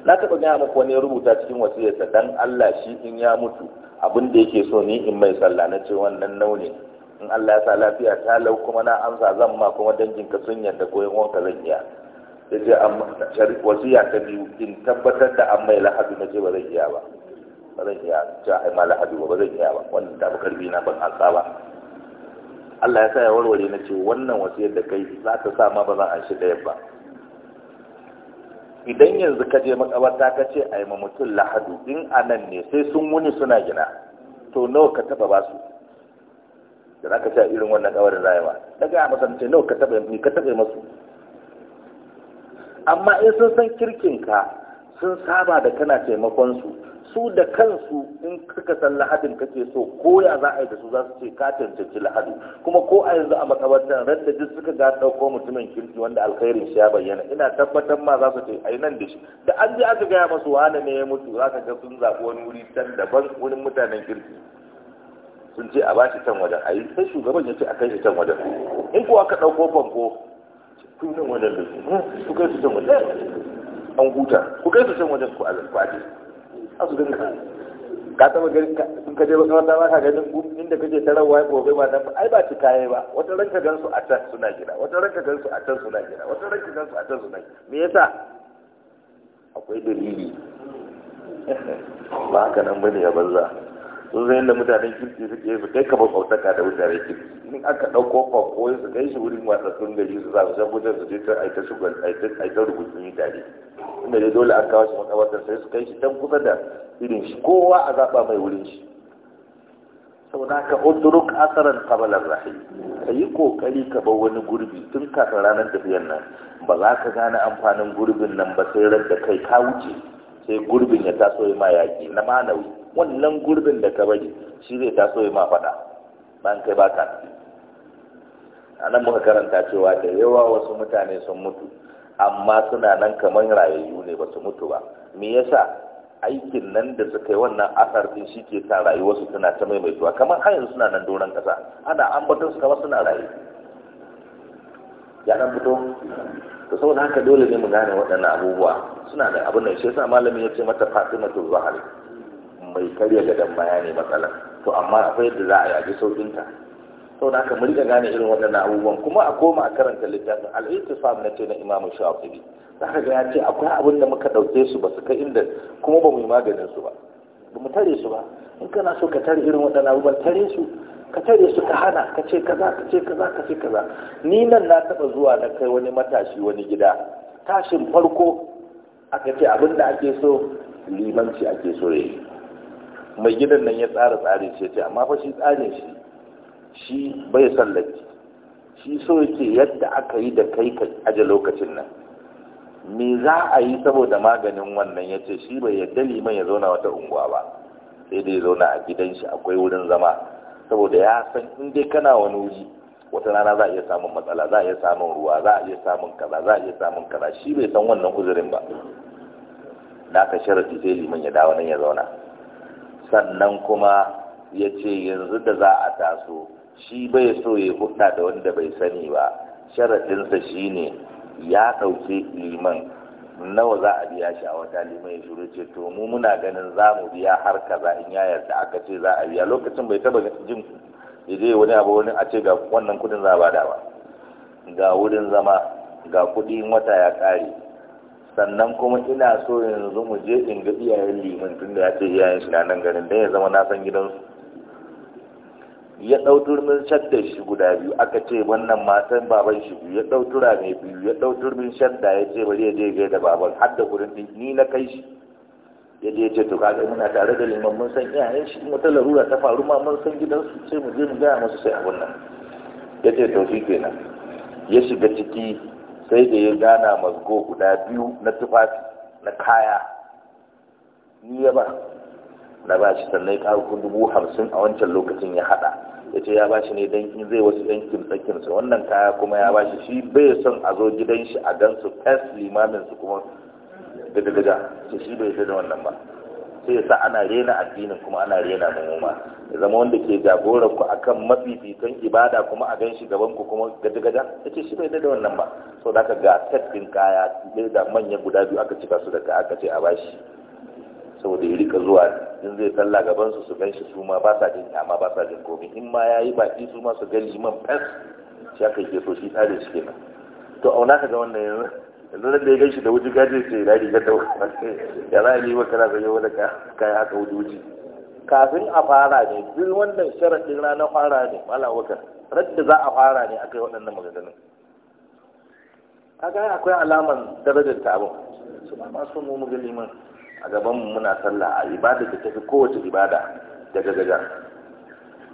na taɓa gaya muku wani rubuta cikin wasiyarsa dan Allah shi in ya mutu abin da yake so ni in mai sallah na ce wannan nauni in Allah ya sa lafiya ta lau kuma na amsa zan ma kuma dangin ka sun yarda ko wanka zan iya ya ce wasiya ta biyu in tabbatar da an mai lahadu na ce ba zan iya ba ba zan iya ce ai ma lahadu ba ba zan iya ba wannan ta karbi na ban ansa ba Allah ya sa ya warware na ce wannan wasiyar da kai za ta sa ma ba zan an shi ɗaya ba idan yanzu ka je makabarta ka ce ai ma mutum lahadu in anan ne sai sun wuni suna gina to nawa ka taba ba su da za ka sha irin wannan kawarin rayuwa daga a masance nawa ka taɓa ka taɓa masu amma in sun san kirkinka sun saba da kana taimakon su su da kansu in kaka san lahadin kake so ko ya za a yi da su za su ce ka cancanci lahadu kuma ko a yanzu a makabartar ran da duk suka ga ɗauko mutumin kirki wanda alkhairin shi ya bayyana ina tabbatar ma za su ce ai nan da shi da an je aka gaya masu wani ne ya mutu za ka ga sun zaɓi wani wuri can daban wurin mutanen kirki sun ce a bashi can wajen a yi sai shugaban ya ce a kai shi can wajen in kuwa ka ɗauko fanko kun san wajen da su eh, ku kai su san wajen an huta ku kai su san wajen ku alal kwaje a su dinka ka taba gari ka kaje ba kamar ba ka ganin inda kaje ta rawa ko bai ba dan ai ba ci kaye ba wata ranka gansu a can suna gida wata ranka gansu a can suna gida wata ranka gansu a can suna gida me yasa akwai dalili <laughs> ba haka nan bane ya banza sun zai yadda mutanen kirki suke su kai kaba sautaka da mutanen kirki in aka ɗauko kwakwoyin su kai shi wurin wasattun gari su za su san wajen su je ta aita shugar aita rubutun tare inda dai dole an kawo shi makabartar sai su kai shi can kusa da irin shi kowa a zaɓa mai wurin shi saboda ka udruk asaran qabalar rahim ka yi kokari ka bar wani gurbi tun kafin ranar tafiyar nan ba za ka gane amfanin gurbin nan ba sai ran da kai ka wuce sai gurbin ya taso ya ma yaƙi na manawi wannan gurbin da ka bari shi zai taso ya ma faɗa bayan kai ba ka a nan muka karanta cewa da yawa wasu mutane sun mutu amma suna nan kamar rayayyu ne ba su mutu ba me yasa aikin nan da suka yi wannan asar din shi ke sa rayuwarsu tana ta maimaituwa kamar har yanzu suna nan doron kasa ana ambaton su kamar suna raye ya nan fito to saboda haka dole ne mu gane waɗannan abubuwa suna da abin da shi yasa malamin ya ce mata fatimatu zahari mai karya gadon baya bayani matsala to amma akwai yadda za a yi a ji saukin ta saboda da mu riga gane irin waɗannan abubuwan kuma a koma a karanta littafin al-ittifaq na ce na imamu shafi'i za ga ya ce akwai abin da muka ɗauke su ba su kai inda kuma ba mu yi maganin su ba ba mu tare su ba in kana so ka tare irin waɗannan abubuwan tare su ka tare su ka hana ka ce kaza ka ce kaza ka ce kaza ni nan na taba zuwa na kai wani matashi wani gida tashin farko aka ce abin da ake so limanci ake so ya yi mai gidan nan ya tsara tsarin shi ce amma fa shi tsarin shi shi bai son latti shi so yake yadda aka yi da kai ka aje lokacin nan me za a yi saboda maganin wannan ya ce shi bai yadda liman ya zauna wata unguwa ba sai dai zauna a gidan shi akwai wurin zama saboda ya san in dai kana wani wuri wata rana za a iya samun matsala za a iya samun ruwa za a iya samun kaza za a iya samun kaza shi bai san wannan uzurin ba Na ka sharaɗi sai liman ya dawo nan ya zauna sannan kuma ya ce yanzu da za a taso shi bai so ya hudda da wanda bai sani ba sharaɗinsa ne ya ɗauke liman nawa za a biya shi a wata liman ya shuru ce to mu muna ganin za mu biya har kaza in ya yarda aka ce za a biya lokacin bai taba jin je wani abu wani a ce ga wannan kudin za a bada ba ga wurin zama ga kudin wata ya ƙare sannan kuma ina so yanzu mu je in ga iyayen liman tun da ya ce iyayen shi na nan garin da ya zama na san gidansu ya ɗau turmin shadda shi guda biyu aka ce wannan matan baban shi biyu ya ɗau tura mai biyu ya ɗau turmin shadda ya ce bari ya je da baban har da gurin din ni na kai shi ya je ce to kaga muna tare da liman mun san iyayen shi kuma ta larura ta faru ma mun san gidansu sai mu je mu gaya musu sai abun nan ya ce to shi kenan ya shiga ciki sai da ya gana mazgo guda biyu na tufafi na kaya ni ya ba na ba shi sannan ya dubu hamsin a wancan lokacin ya haɗa ya ce ya ba shi ne don in zai wasu yankin kimsa wannan kaya kuma ya ba shi shi bai son a zo gidan shi a gansu fes limamin su kuma daga daga shi bai da wannan ba sai ya sa ana rena addinin kuma ana rena manoma ya zama wanda ke jagorar ku akan mafifitan ibada kuma a ganshi gaban ku kuma gadagada ya ce shi bai da wannan ba so da ka ga tattin kaya da manya guda biyu aka cika su da ka aka ce a bashi saboda ya rika zuwa in zai talla gaban su su ganshi su ma ba sa jin kyama ba sa jin komai in ma ya yi baki su ma su gan liman fes shi aka ke so shi tsarin shi kenan to auna ka ga wannan yanzu yanzu nan da ya gaishe da wuji gaje ce na riga da ya za a yi maka na sanya wani kayan haka wuji wuji kafin a fara ne duk wannan sharaɗin ranar fara ne mala wakar radda za a fara ne aka yi waɗannan maganganun kaga akwai alaman darajar ta su ba masu mu mu gani a gaban mu muna sallah a ibada da tafi kowace ibada daga gaga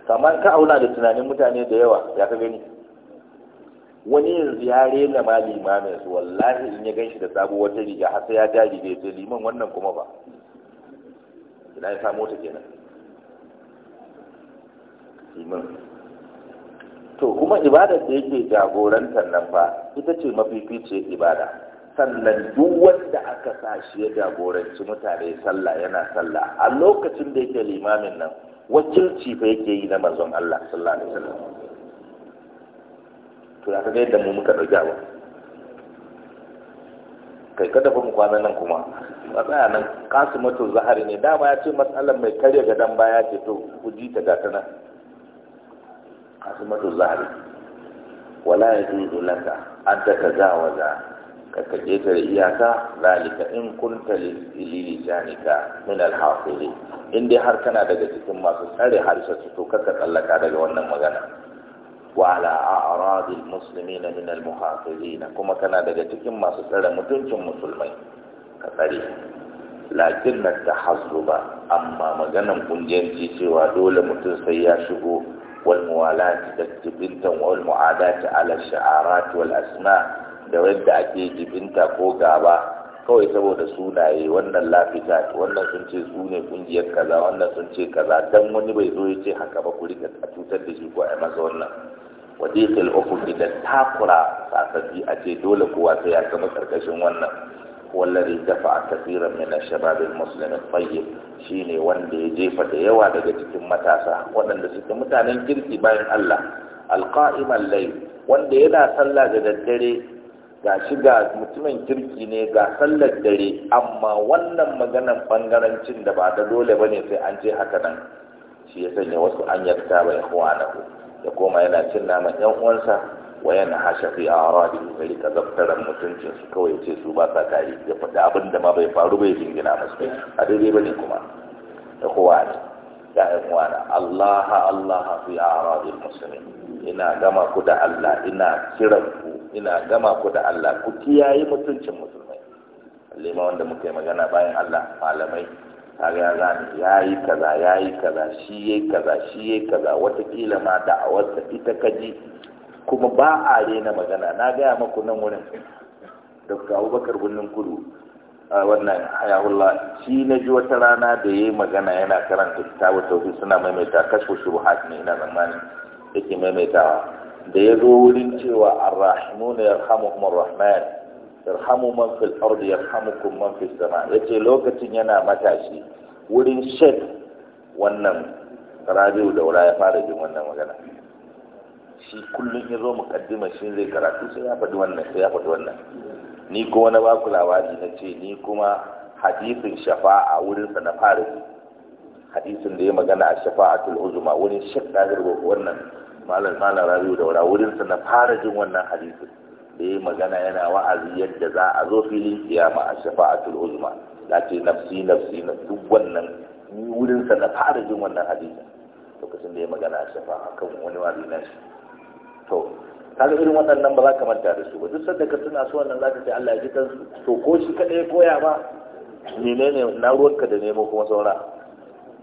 kamar ka auna da tunanin mutane da yawa ya ka gani wani yanzu ya rena ma limamin su wallahi in ya gan shi da sabuwar wata riga har sai ya ja da ya liman wannan kuma ba ina ya samu ta kenan liman to kuma ibadar da yake jagorantar nan fa ita ce mafificiyar ibada sannan duk wanda aka sa shi ya jagoranci mutane sallah yana sallah a lokacin da yake limamin nan wakilci fa yake yi na mazon Allah sallallahu alaihi wasallam to da kaga yadda mu muka ɗauki abu kai kada ba mu kwana nan kuma a tsaya nan mato zahari ne dama ya ce matsalar mai karya gadon baya ce to ku ji ta gata nan mato zahari wala ya ji laka an ta ka zawaza ka ka da iyaka zalika in kunta lili janika min alhafiri in dai har kana daga cikin masu tsare harshe su to ka tsallaka daga wannan magana وعلى أعراض المسلمين من المحافظين كما كان دقتك ما سسر متنك مسلمين كتري لكن التحزب أما مجانا كنجنتي سوى دول متنسي يشبو والموالاة تكتبنتا والمعاداة على الشعارات والأسماء da wadda ake jibinta ko gaba kawai saboda sunaye wannan lafita wannan sun ce su ne kungiyar kaza wannan sun ce kaza dan wani bai zo ya ce haka ba ku rika a cutar da shi ko a masa wannan wadiqil ufuqi da takura sasabi a ce dole kowa sai ya zama karkashin wannan wallahi dafa kafiran min ash-shabab al shine wanda ya jefa da yawa daga cikin matasa waɗanda suke mutanen kirki bayan Allah al layl wanda yana sallah da daddare ga shi ga mutumin kirki ne ga sallar dare amma wannan maganan bangarancin da ba da dole bane sai an je haka nan shi ya sanya wasu an yarda wa ikhwanahu ya koma yana cin naman yan uwansa wa yana hasha fi aradi ya ka zaftaran mutuncin su kawai ce su ba sa kare ya faɗi abin da ma bai faru bai jingina musu a daidai bane kuma da kowa ne ya ƴan uwana Allah Allah fi aradi muslimin ina gama ku da Allah ina kiran ku ina gama ku da Allah ku kiyaye mutuncin musulmai lema wanda muka yi magana bayan Allah malamai kaga ya gane ya yi kaza ya yi kaza shi ya yi kaza shi ya yi kaza watakila ma da'awarsa ita ka ji kuma ba a rena magana na gaya maku nan wurin dr abubakar birnin kudu a wannan hayahullah shi na ji wata rana da ya yi magana yana karanta kitabu tauhid suna maimaita ba shubuhat ne ina zamanin yake maimaitawa da ya zo wurin cewa arrahimuna kuma rahman irhamu man fil ardi yarhamukum man fis sama yace lokacin yana matashi wurin shek wannan rabiu daura ya fara jin wannan magana shi kullum ya zo mukaddima shi zai karatu sai ya faɗi wannan sai ya faɗi wannan ni kuma na ba kulawa na ce ni kuma hadisin shafa'a wurinsa na fara hadisin da ya magana a shafa'atul uzma wurin shek ɗahir wannan malam malam rabiu daura wurinsa na fara jin wannan hadisin da eh, ya magana yana wa'azi yadda za a zo filin kiyama a shafa'atul uzma da ce nafsi nafsi na duk wannan wurin na fara jin wannan hadisi lokacin da ya magana a shafa'a kan wani wa'azi na to kaga irin waɗannan ba za ka manta da su ba duk sanda ka tuna su wannan za ka ce Allah ya ji kansu to ko shi kaɗai koya ba menene na ruwanka da nemo kuma saura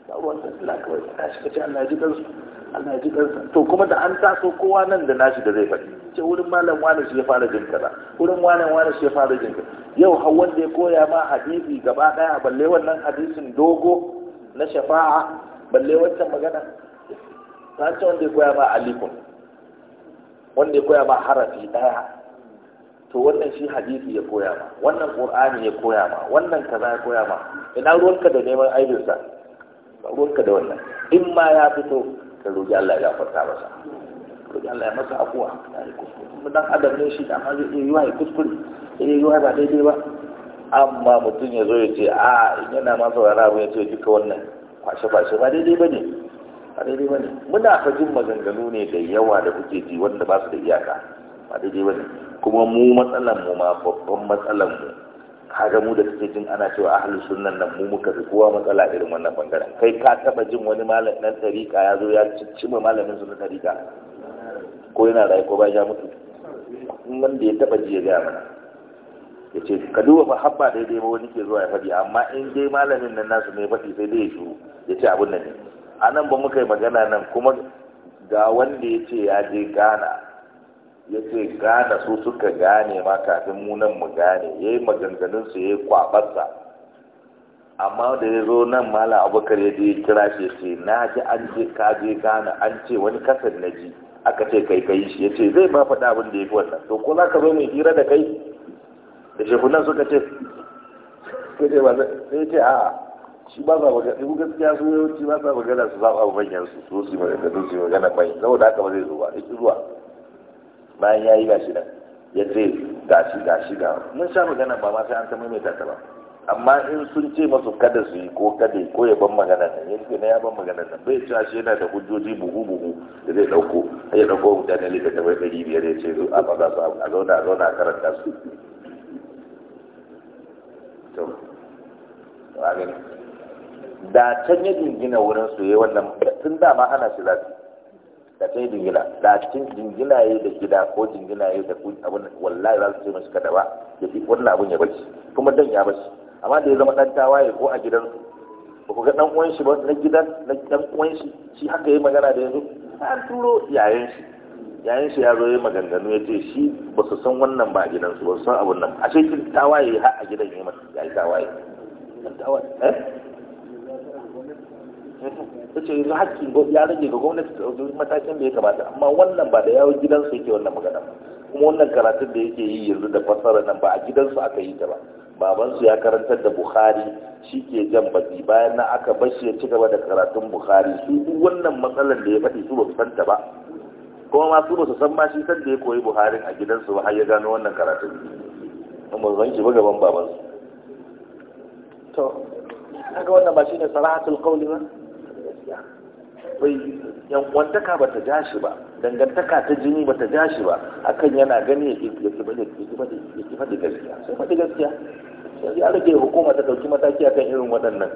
ba wasu suna kawai su tashi ka Allah ya ji kansu Allah ya ji kansu to kuma da an taso kowa nan da nashi da zai faɗi ce wurin malam wani shi ya fara jin kaza wurin malam wani shi ya fara jin kaza yau har wanda ya koya ma hadisi gaba daya balle wannan hadisin dogo na shafa'a balle wancan magana ta ce wanda ya koya ma alikun, wanda ya koya ma harafi daya to wannan shi hadisi ya koya ma wannan qur'ani ya koya ma wannan kaza ya koya ma ina ruwanka da neman aibinsa ba ruwanka da wannan in ma ya fito ka roƙi Allah ya gafarta masa roƙi Allah ya masa afuwa ya yi kuskure dan adam ne shi da ma zai yi yiwa ya kuskure ya yi yiwa ba daidai ba amma mutum ya zo ya ce a in yana ma saurara mu ya ce duka wannan kwashe-kwashe ba daidai ba ne ba daidai ba ne muna fajin maganganu ne da yawa da kuke ji wanda ba su da iyaka ba daidai ba ne kuma mu matsalan mu ma babban matsalan mu kaga mu da suke jin ana cewa ahlus sunnan nan mu muka fi kowa matsala irin wannan bangaren kai ka taba jin wani malamin nan tariqa ya zo ya cimma malamin su tariqa ko yana rayu ko ba ya mutu wanda ya taba ji ya gaya mana ya ce ka duba mahabba habba daidai ba wani ke zuwa ya faɗi amma in dai malamin nan nasu mai fadi sai dai ya shiru ya abun nan ne a nan ba muka yi magana nan kuma ga wanda ya ce ya je gana ya ce gane su suka gane ma kafin munan mu gane ya yi maganganunsu ya yi kwabarsa amma da ya zo nan mala abokan ya je kira shi ce na ji an ce ka je gane an ce wani kasan na ji aka ce kai kai shi ya ce zai ba faɗa abin da ya fi wannan to ko za ka zo mai hira da kai da shekunan suka ce sai ce ba sai ce a'a shi ba za magana in gaskiya su yawanci ba sa magana su zaɓa manyan su su su magana su magana mai saboda haka ba zai zo ba ya ki zuwa bayan ya yi gashi nan ya ce gashi gashi ga mun sha magana ba ma sai an ta maimaita ta ba amma in sun ce masu kada su yi ko kada ko ya ban magana nan ya ce na ya ban magana nan bai cewa shi yana da hujjoji buhu buhu da zai dauko ya dauko mutane lita da bai ɗari biyar ya ce a maza su a zauna a zauna a karanta su da can ya gina wurin su yi wannan tun dama ana shi lafiya da yi dingina, da a cikin jingina ya da gida ko jingina ya da abin wallahi za su ce masu kada ba ya fi wannan abin ya bashi kuma dan ya bashi amma da ya zama dan tawaye ko a gidansu ba ku ga dan uwan shi ba na gidan na dan uwan shi shi haka yi magana da yanzu an turo yayin shi yayin shi ya zo yi maganganu ya ce shi ba su san wannan ba a gidansu ba su san abin nan a ce tawaye har a gidan yi masa ya yi tawaye ta ce yanzu hakkin ya rage ga gwamnati ta ɗauki matakin da ya kamata amma wannan ba da yawo gidansu yake wannan magana kuma wannan karatun da yake yi yanzu da fassara nan ba a gidansu aka yi ta ba babansu ya karantar da bukhari shi ke jan baki bayan na aka bashi ya ci gaba da karatun bukhari su wannan matsalar da ya faɗi su ba su santa ba kuma ma su ba su san ma shi san da ya koyi buharin a gidansu ba har ya gano wannan karatun amma zan ki ba gaban babansu to kaga wannan ba shine salahatul qawli ba gaskiya bai yankwantaka ba ta ja shi ba dangantaka ta jini ba ta ja shi ba akan yana gani ya ki faɗi gaskiya sai faɗi gaskiya sai ya rage hukuma ta ɗauki mataki a kan irin waɗannan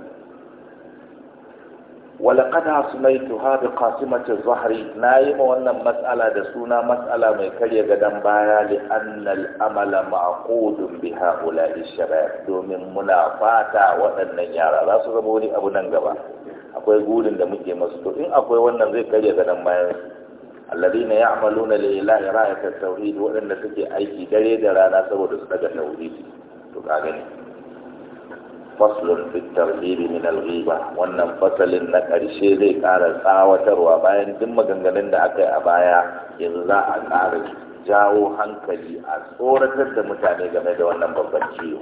walaƙad hasunaitu ha bi qasimati zahri nayi ma wannan matsala da suna matsala mai karya gadan baya li annal amala ma'qudun bi haula'i shabab domin muna fata waɗannan yara za su zama wani abu nan gaba akwai gurin da muke masu to in akwai wannan zai karya gadon bayan alladina ya'maluna lillahi ra'ayatat tauhid waɗanda suke aiki dare da rana saboda su daga tauhidi to ka gani faslun fi tarhibi min al wannan fasalin na ƙarshe zai ƙara tsawatarwa bayan duk maganganun da aka yi a baya yanzu za a ƙara jawo hankali a tsoratar da mutane game da wannan babban ciwo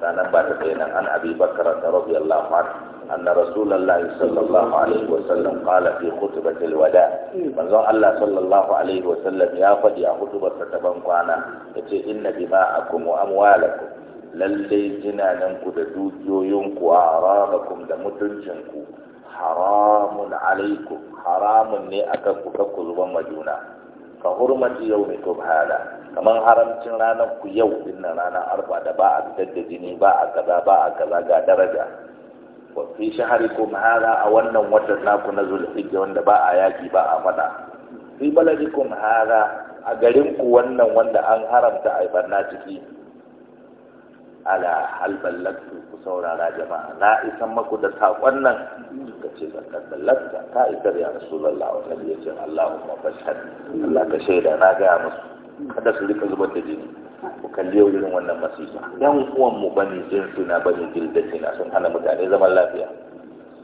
sanan ba ta nan an abi bakar Allah ma أن رسول الله صلى الله عليه وسلم قال في خطبة الوداع من زو الله صلى الله عليه وسلم يا فدي خطبة ستبان يتي إن دماءكم وأموالكم lallai jinananku da dukiyoyinku a harabakum da mutuncinku haramun alaikum haramun ne a kan kuka ku majuna ka hurmaci yau kamar haramcin ranar ku yau dinnan ranar arba da ba a fitar da jini ba a kaza ba a kaza ga daraja wa fi ko hada a wannan watan naku na zulhijja wanda ba a yaki ba a mana fi baladikum hada a garin ku wannan wanda an haramta a barna ciki ala hal ballatu ku saurara jama'a na isan maku da sakon nan ka ce zakar ballatu ka isa ya rasulullahi wa sallallahu alaihi wa sallam Allahumma Allah ka shaida na ga musu kada su rika zubar da jini ku kalli yau irin wannan masifa yan uwan mu bane jinsu na bane gildati na sun hana mutane zaman lafiya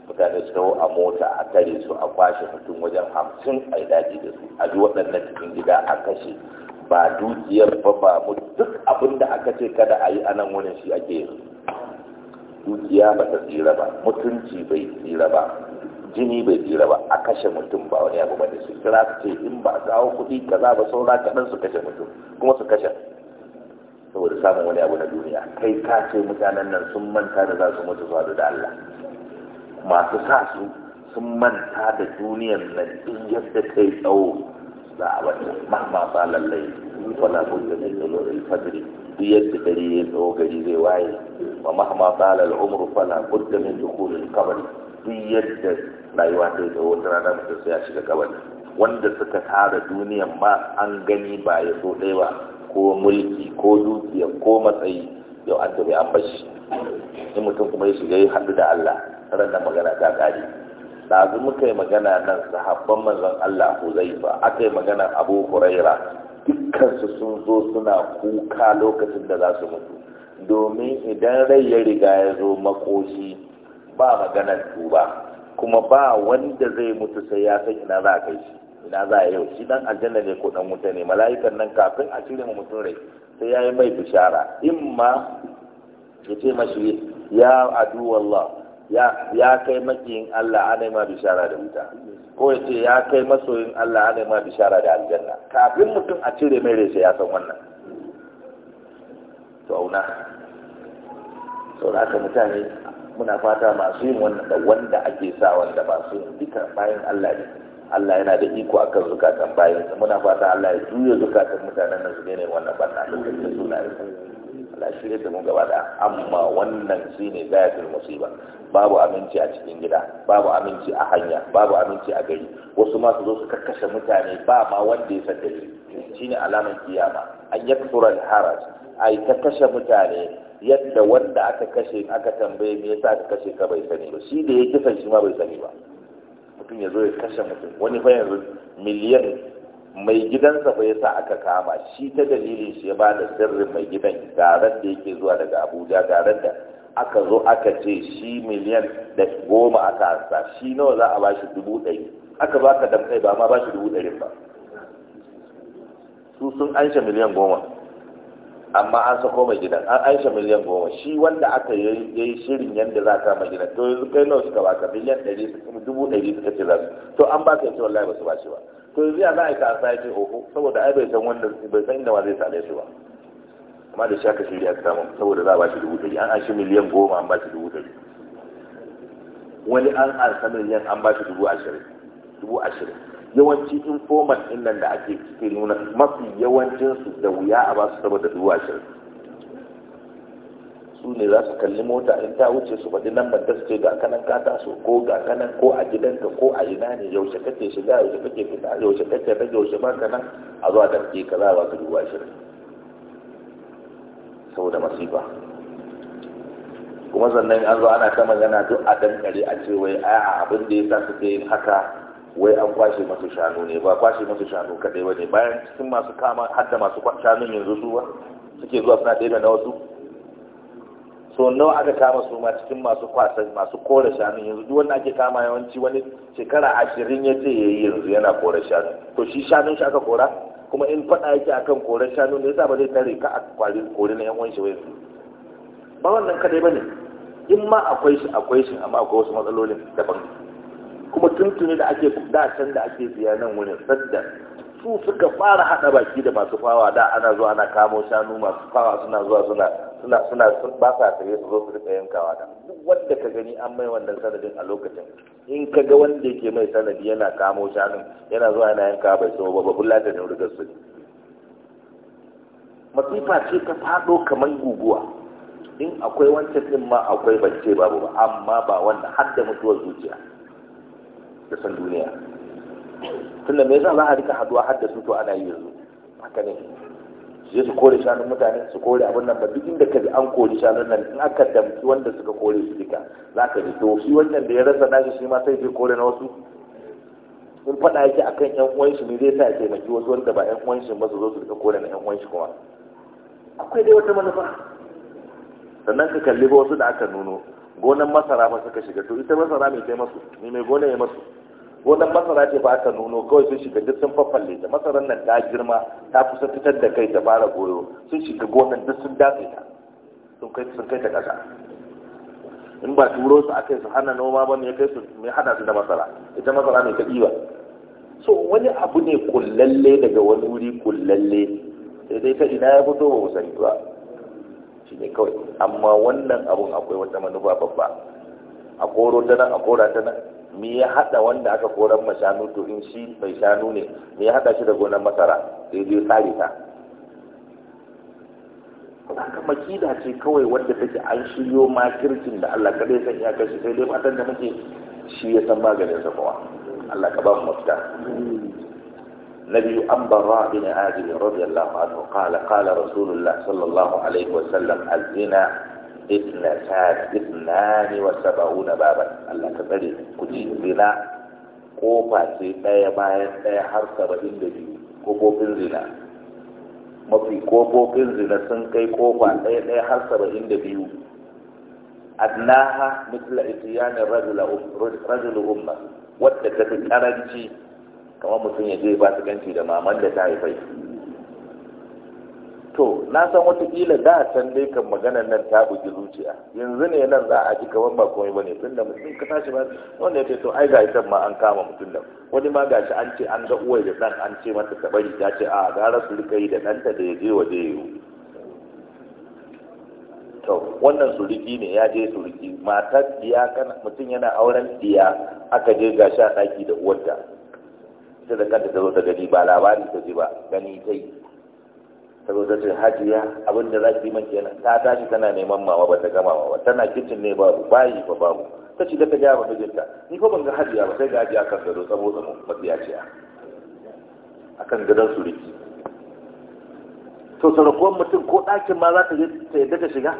mutane su kawo a mota a tare su a kwashe mutum wajen hamsin a yi daji da su a ji waɗannan cikin gida a kashe ba dukiyar ba ba mu duk abin da aka ce kada a yi anan nan wurin shi ake yi dukiya ba ta tsira ba mutunci bai tsira ba jini bai tsira ba a kashe mutum ba wani abu bane su kira su ce in ba a kawo kuɗi za ba saura kaɗan su kashe mutum kuma su kashe saboda samun wani abu na duniya kai ka ce mutanen nan sun manta da za su mutu zuwa da Allah masu sa su sun manta da duniyan nan in yadda kai tsawo za a wata mahma ba lallai wala da min nurul fadri duk yadda dare ya tsawo gari zai waye wa mahma ba lal umru fala budda min dukhulil qabr duk yadda rayuwa ta yi tsawo wata rana da sai ya shiga kabari wanda suka tara duniyan ma an gani ba ya so ɗaya ba ko mulki ko dukiya ko matsayi yau an tafi an bashi in mutum kuma ya shiga ya haɗu da Allah ran nan magana ta da su muka yi magana nan sahabban manzon Allah zai ba aka yi magana Abu Huraira dukkansu sun zo suna kuka lokacin da za su mutu domin idan rai ya riga ya zo makoshi ba maganar tuba kuma ba wanda zai mutu sai ya san ina za kai shi ina za a yau shi dan aljanna ne ko dan wuta ne mala'ikan nan kafin a cire mu mutum rai sai ya yi mai bishara imma ya ce mashi ya adu wallah ya kai makiyin Allah ana ma bishara da wuta ko ya ce ya kai masoyin Allah ana ma bishara da aljanna kafin mutum a cire mai rai sai ya san wannan to auna saboda aka mutane muna fata masu yin wannan da wanda ake sa wanda masu yin duka bayan Allah ne Allah yana da iko akan zukatan bayan muna fata Allah ya juya zukatan mutanen nan su ne wannan banna da yi Allah shi da mu gaba da amma wannan shine zayatul musiba babu aminci a cikin gida babu aminci a hanya babu aminci a gari wasu ma su zo su kakkashe mutane ba ma wanda ya san dalili shine alamar kiyama an haraj ai kakkashe mutane yadda wanda aka kashe aka tambaye me yasa aka kashe ka bai sani ba shi da ya kisan shi ma bai sani ba mutum ya zo ya kashe mutum wani fa yanzu miliyan mai gidansa bai sa aka kama shi ta dalilin shi ya ba da sirrin mai gidan garar da yake zuwa daga abuja garar da aka zo aka ce shi miliyan da goma aka hasa shi nawa za a ba shi dubu ɗari aka ba ka damkai ba ma ba shi dubu ɗarin ba su sun anshe miliyan goma amma an sako mai gidan an aisha miliyan goma shi wanda aka yi shirin yadda za ka mai gidan to yanzu kai nawa suka baka miliyan ɗari dubu ɗari suka ce za su to an baka yace wallahi ba su ba shi ba to yanzu ya za a yi ka asa ya ce oho saboda ai bai san wanda bai san inda ma zai sale shi ba amma da shi aka shirya aka samu saboda za a ba shi dubu ɗari an aisha miliyan goma an ba shi dubu ɗari wani an aisha miliyan an ba shi dubu ashirin dubu ashirin yawanci informal din nan da ake cike nuna mafi su da wuya a ba su saboda shi su ne za su kalli mota in ta wuce su faɗi nan ban ce ga kanan ka taso ko ga kanan ko a gidanka ko a ina ne yaushe kake shiga yaushe kake fita yaushe kake rage yaushe ba ka nan a zuwa da ke za a ba ka ruwa shi saboda masifa kuma sannan an zo ana ta magana duk a dankare a ce wai a abin da ya sa suke yin haka wai an kwashe masu shanu ne ba kwashe masu shanu kadai ba ne bayan cikin masu kama hadda masu shanun yanzu su ba suke zuwa suna ɗaya na wasu so nawa aka kama su ma cikin masu kwasa masu kore shanu yanzu duk wanda ake kama yawanci wani shekara ashirin ya ce yi yanzu yana kore shanu to shi shanun shi aka kora kuma in faɗa yake akan koren shanu ne yasa ba zai tare ka a kwarin kore na yan uwan shi yanzu ba wannan kadai ba ne in ma akwai shi akwai shi amma akwai wasu matsalolin daban kuma tuntuni da ake da can da ake biya nan wurin sadda su suka fara hada baki da masu fawa da ana zuwa ana kamo shanu masu fawa suna zuwa suna suna suna ba sa tare su zo su rika yankawa da duk wanda ka gani an mai wannan sanadin a lokacin in ka ga wanda yake mai sanadi yana kamo shanun yana zuwa yana yankawa bai so ba babu lada ne rigar su masifa ce ta fado kamar guguwa in akwai wancan din ma akwai bacce babu ba amma ba wanda har da mutuwar zuciya da san duniya tunda me yasa za a rika haduwa har da su to ana yi yanzu haka ne sai su kore shanun mutane su kore abin nan ba duk inda ka ji an kori shanun nan in aka damki wanda suka kore su duka za ka ji to shi wannan da ya rasa nashi shi ma sai zai kore na wasu in faɗa yake akan yan uwan shi ne zai sa ya taimaki wasu wanda ba yan uwan shi ba su zo su rika kore na yan uwan shi kuma akwai dai wata manufa sannan ka kalli ba wasu da aka nuno gonan masara ba suka shiga to ita masara mai kai masu ne mai gona ya masu Gonan masara ce ba aka nuno kawai sun shiga duk sun faffalle ta masarar nan ta girma ta kusa fitar da kai ta fara goyo sun shiga gonan duk sun dace ta sun kai sun kai ta kasa in ba turo su akai su hana noma ba me kai su me hada su da masara ita masara ne ta diba so wani abu ne kullalle daga wani wuri kullalle sai dai ta ina ya fito ba mu sani ba shi ne kawai amma wannan abun akwai wata manufa babba a koro ta nan a kora ta nan me ya hada wanda aka koran ma shanu to in shi mai shanu ne me ya hada shi da gonar masara sai dai tsari ta haka makida ce kawai wanda take an shiryo kirkin da Allah kadai san ya kashi sai dai matan da muke shi ya san maganin sa kuma Allah ka ba mu mafita نبي أم براء بن عازب رضي الله عنه قال قال رسول الله صلى الله عليه وسلم الزنا isnani wa na baban Allah ka tsare ku ci zina kofa ce ɗaya bayan ɗaya har saba'in da biyu kofofin zina mafi kofofin zina sun kai kofa ɗaya ɗaya har saba'in da biyu adnaha mitla itiyanin rajul umma wadda ta fi karanci kamar mutum ya je ba su ganci da maman da ta haifai to na san watakila da can dai kan maganar nan ta bugi zuciya yanzu ne nan za a ji kamar ba komai bane tun da mutum ka tashi ba wanda ya ce to ai ga ita ma an kama mutum da wani ma gashi an ce an ga uwar da dan an ce mata ta bari ta ce a gara su rika yi da ɗanta da ya je waje yiwu to wannan suriki ne ya je suriki matar diya kana mutum yana auren diya aka je gashi a daki da uwarta ita da kanta ta zo ta gani ba labari ta ji ba gani ta yi saboda zo ta hajiya abin da za ki man kenan ta tashi tana neman mama ba ta gama ba tana kicin ne babu bayi ba babu ta ci ta gaya ba mijinta ni ko ban ga hajiya ba sai ga hajiya kan gado ba tsamo matsiyaciya a kan gadon riki. to sarakuwan mutum ko ɗakin ma za ta yadda ta shiga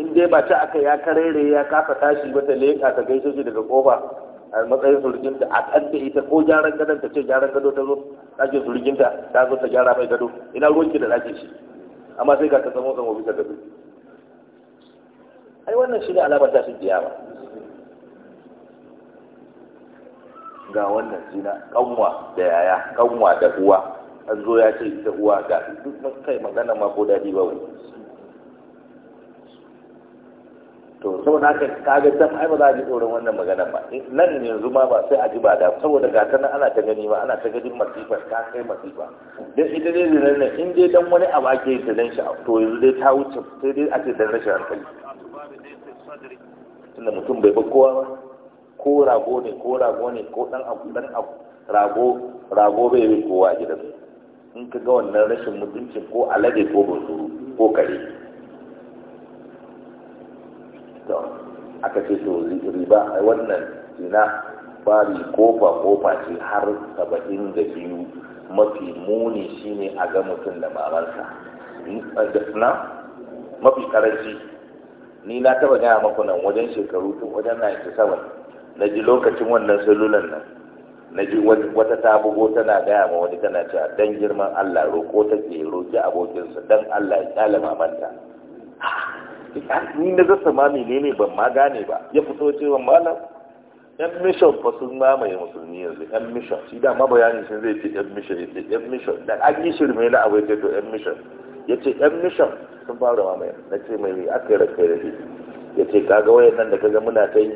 in dai ba ta aka ya karere ya kasa tashi ba ta leƙa ta gaishe shi daga ƙofa a matsayin surginta a kanta ita ko gyaran gadon ta ce gyaran gado ta zo ɗakin surginta ta zo ta gyara mai gado ina ruwanki da ɗakin shi amma sai ga ta samu tsamo bisa gado ai wannan shi ne alamar tashin ba. ga wannan shi na kanwa da yaya kanwa da uwa an zo ya ce ita uwa ga duk kai magana ma ko daɗi ba wani to saboda haka kaga can ai ba za a ji tsoron wannan magana ba eh, nan yanzu ma ba sai a ji ba da saboda ga ta nan ana ta gani ba ana ta ganin masifar ta kai masifa dan ita dai ne nan in dai dan wani abu ake ta dan shi to yanzu dai ta wuce sai dai a ce dan rashin hankali tunda mutum bai ba kowa ba ko rago ne ko rago ne ko dan abu dan abu rago rago bai bai kowa a in ka ga wannan rashin mutuncin ko alade ko bunsuru ko kare to aka ce to riba wannan zina bari kofa kofa ce har saba'in da biyu mafi muni shine a ga mutum da mamansa na mafi karanci ni na taba gaya maku nan wajen shekaru tun wajen 97 na ji lokacin wannan salulan nan na ji wata ta bugo tana gaya ma wani tana cewa dan girman Allah roko take roƙi abokinsa dan Allah ya kyale mamanta ni na zasa ma menene ban ma gane ba ya fito cewa malam yan mission fa sun mamaye musulmi yanzu yan mission shi da ma bayani sun zai ce yan mission ya ce yan mission da an yi shirme na abu ya to yan mission ya ce yan mission sun fara mamaye na ce mai aka yi rakai rafi ya ce kaga wayan nan da kaga muna ta yi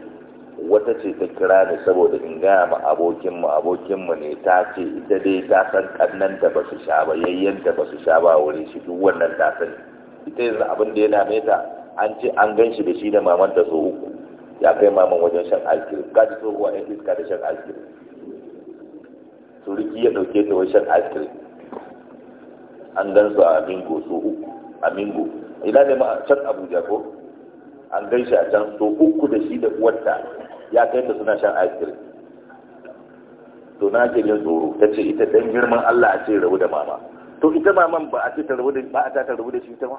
wata ce ta kira ne saboda in gaya ma abokinmu abokinmu ne ta ce ita dai ta san kannan da ba su sha ba yayyen da ba su sha ba wurin shi duk wannan ta sani ita yanzu abin da ya dame ta an ce an gan shi da shi da maman da so uku ya kai maman wajen shan alkirim ka ji a ɗan iska da shan alkirim turiki ya dauke ta wajen shan alkirim an gan su a amingo so uku amingo ina ne ma can abuja ko an gan shi a can so uku da shi da uwarta ya kai ta suna shan alkirim to na ce ne tsoro ta ce ita dan girman allah a ce rabu da mama to ita maman ba a ce ta rabu da ba a ta rabu da shi ta ma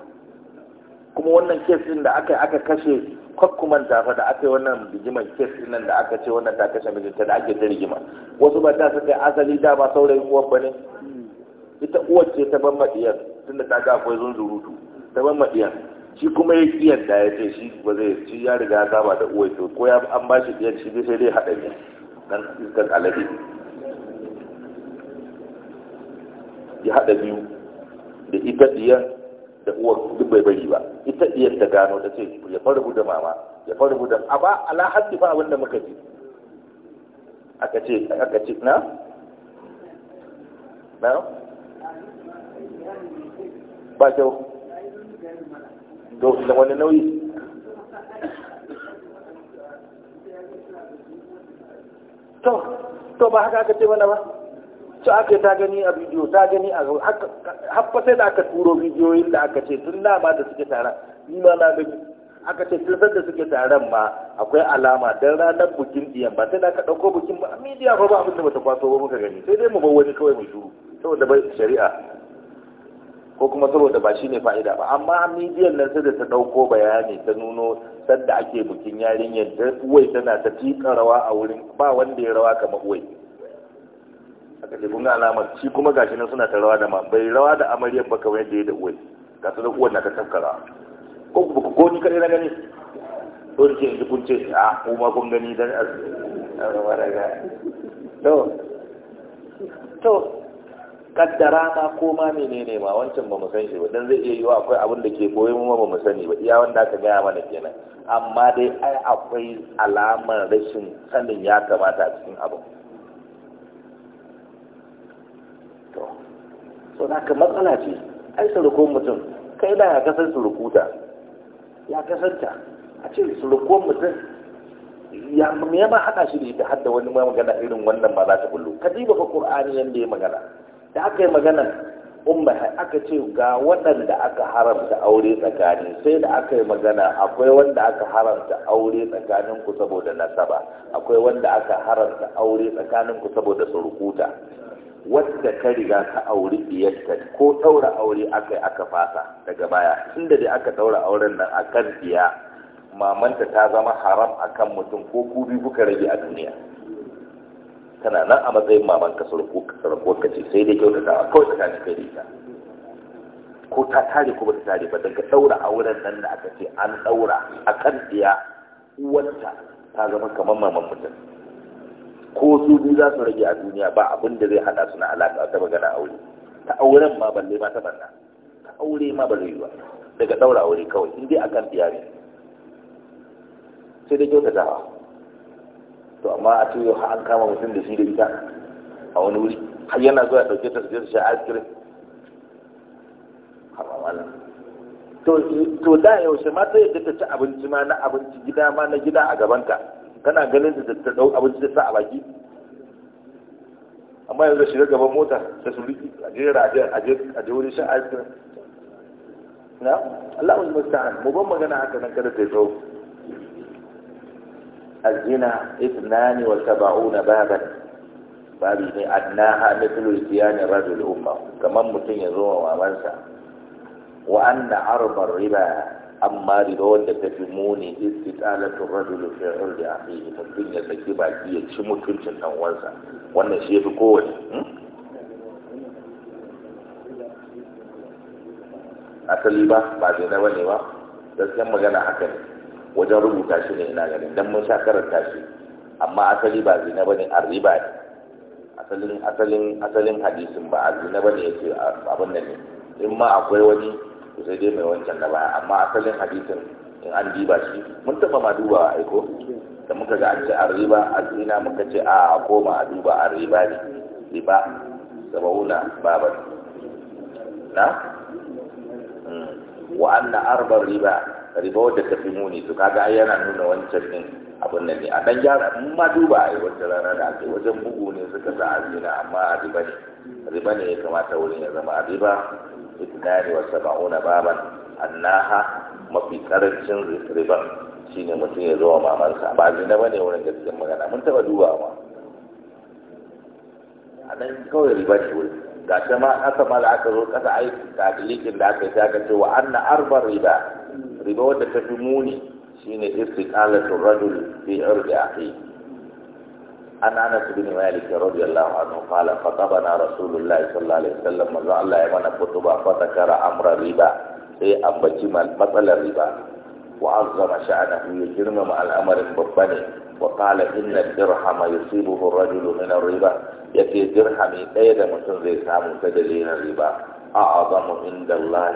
kuma wannan kes din da aka aka kashe kwakkuman tafa da aka yi wannan rigimar kes din nan da aka ce wannan ta kashe mijinta da ake ta rigima wasu ba ta suka asali da ba saurayin uwar ba ne ita uwar ce ta ban maɗiyar tunda ta ga akwai zunzurutu ta ban maɗiyar shi kuma ya ƙi yadda ya ce shi ba zai shi ya riga ya saba da uwar to ko ya an ba shi ɗiyar shi sai dai haɗa ne dan iskar alade ya haɗa biyu da ita ɗiyar da uwar duk bai bari ba ita diyar ta gano ta ce ya fara da mama ya fara da a ba ala hasi fa abinda muka ji aka ce aka ce na na ba kyau to da wani nauyi to to ba haka aka ce mana ba ci aka ta gani a bidiyo ta gani a haka sai da aka turo bidiyoyin da aka ce tun da da suke taron ni ma na gani aka ce tun da suke taron ma akwai alama dan ranar bukin biyan ba sai da aka dauko bukin ba a midiya ba ba abin da bata kwaso ba muka gani sai dai mu bar wani kawai mu shuru saboda bai shari'a ko kuma saboda ba shi ne fa'ida ba amma midiyan nan sai da ta ɗauko bayani ta nuno sadda ake bikin yarinyar da uwai tana ta tika rawa a wurin ba wanda ya rawa kamar uwai aka ce kun ga alamar shi kuma gashi nan suna ta rawa da ma bai rawa da amaryar ba wani da ya da uwai ga su da uwan na ta tafkara ko ko ni kadai na gani to ni ce yanzu kun ce a ah, ko ma kun gani dan a zama daga to to kaddara ma ko ma menene ma wancan ba mu san shi ba dan zai iya yiwa akwai abin da ke koyo mu ba mu sani ba iya wanda aka gaya mana kenan amma dai ai akwai alamar rashin sanin ya kamata a cikin abin so da ka matsala ce ai surukun mutum kai na ya kasar surukuta ya kasanta a ce surukun mutum ya mai ma haɗa shi da ita har da wani magana irin wannan ba za ta bullo ka diba fa qur'ani ya magana da aka yi magana umma aka ce ga waɗanda aka haramta aure tsakani sai da aka yi magana akwai wanda aka haramta aure tsakanin ku saboda nasaba akwai wanda aka haramta aure tsakanin ku saboda surukuta wadda ka riga ka auri diyarta ko ɗaura aure aka yi aka fasa daga baya inda dai aka ɗaura auren nan a kan diya mamanta ta zama haram a kan mutum ko kubi kuka rage a duniya tana nan a matsayin maman ka ka ce sai dai kyautata kawai tsakanin kai da ita ko ta tare ko ta tare ba daga ɗaura auren nan da aka ce an ɗaura a kan diya uwarta ta zama kamar maman mutum ko su biyu za su rage a duniya ba abin da zai hada su na alaka ta magana aure ta auren ma balle ma ta banna ta aure ma ba zai yi ba daga daura aure kawai in dai kan tiyari sai dai kyauta dawa to amma a tuyo ha an kama mutum da shi da ita a wani wuri har yana zuwa dauke ta su sha askirin to da yaushe ma sai yadda ta ci abinci ma na abinci gida ma na gida a gabanta kana ganin da ta dau abinci ta sa a baki amma yanzu shiga gaban mota ta su riki a jera a je wurin shan ice cream na Allah wani musta'an mu ban magana haka nan kada ta zo الزنا wa وسبعون baban babi ne annaha mithlu ziyani rajul umma kaman mutun ya zo wa wansa wa anna arba riba amma riba wanda ta fi muni istitalatu rajul fi urdi akhihi mutum ya saki baki ya ci mutuncin dan uwansa wannan shi yafi kowane hmm? asali ba ba zai na bane ba gaskiyar magana haka ne wajen rubuta shi ne ina ganin dan mun sha karanta shi amma asali ba zai na bane a riba ne asalin asalin asalin hadisin ba a zai na bane ce abin nan ne in ma akwai wani to sai dai mai wancan da baya amma asalin hadisin in an diba shi mun taba ma duba aiko da muka ga an ce an riba a zina muka ce a koma a duba an riba ne riba sabauna baban na hmm. wa anna arbar riba riba wadda ta fi muni to kaga ai yana nuna wancan din abin nan ne a dan gyara in ma duba ai wata rana da ake wajen bugu ne suka sa a zina. amma a riba ne riba ne ya kamata wurin ya zama a riba itnani wa saba'una baban annaha mafi karancin riban shine mutum ya zo wa mamansa ba zina ba ne wurin gaskiyar magana mun taɓa dubawa a nan kawai riba ne wurin ga ma aka mala aka zo kasa ai dalilin da aka yi ta aka cewa wa anna arba riba riba wadda ta fi muni shine istiqalatu rajul fi irdi akhihi an anas bin malik radiyallahu anhu qala khatabana rasulullahi sallallahu alaihi wasallam manzo Allah ya mana kutuba fa zakara amra riba sai ambaci matsalar riba wa azzama ya girmama al'amarin babba ne wa qala inna dirhama yusibuhu ar-rajulu min ar-riba yake dirhami ɗaya da mutum zai samu ta dalilin riba a azamu inda Allah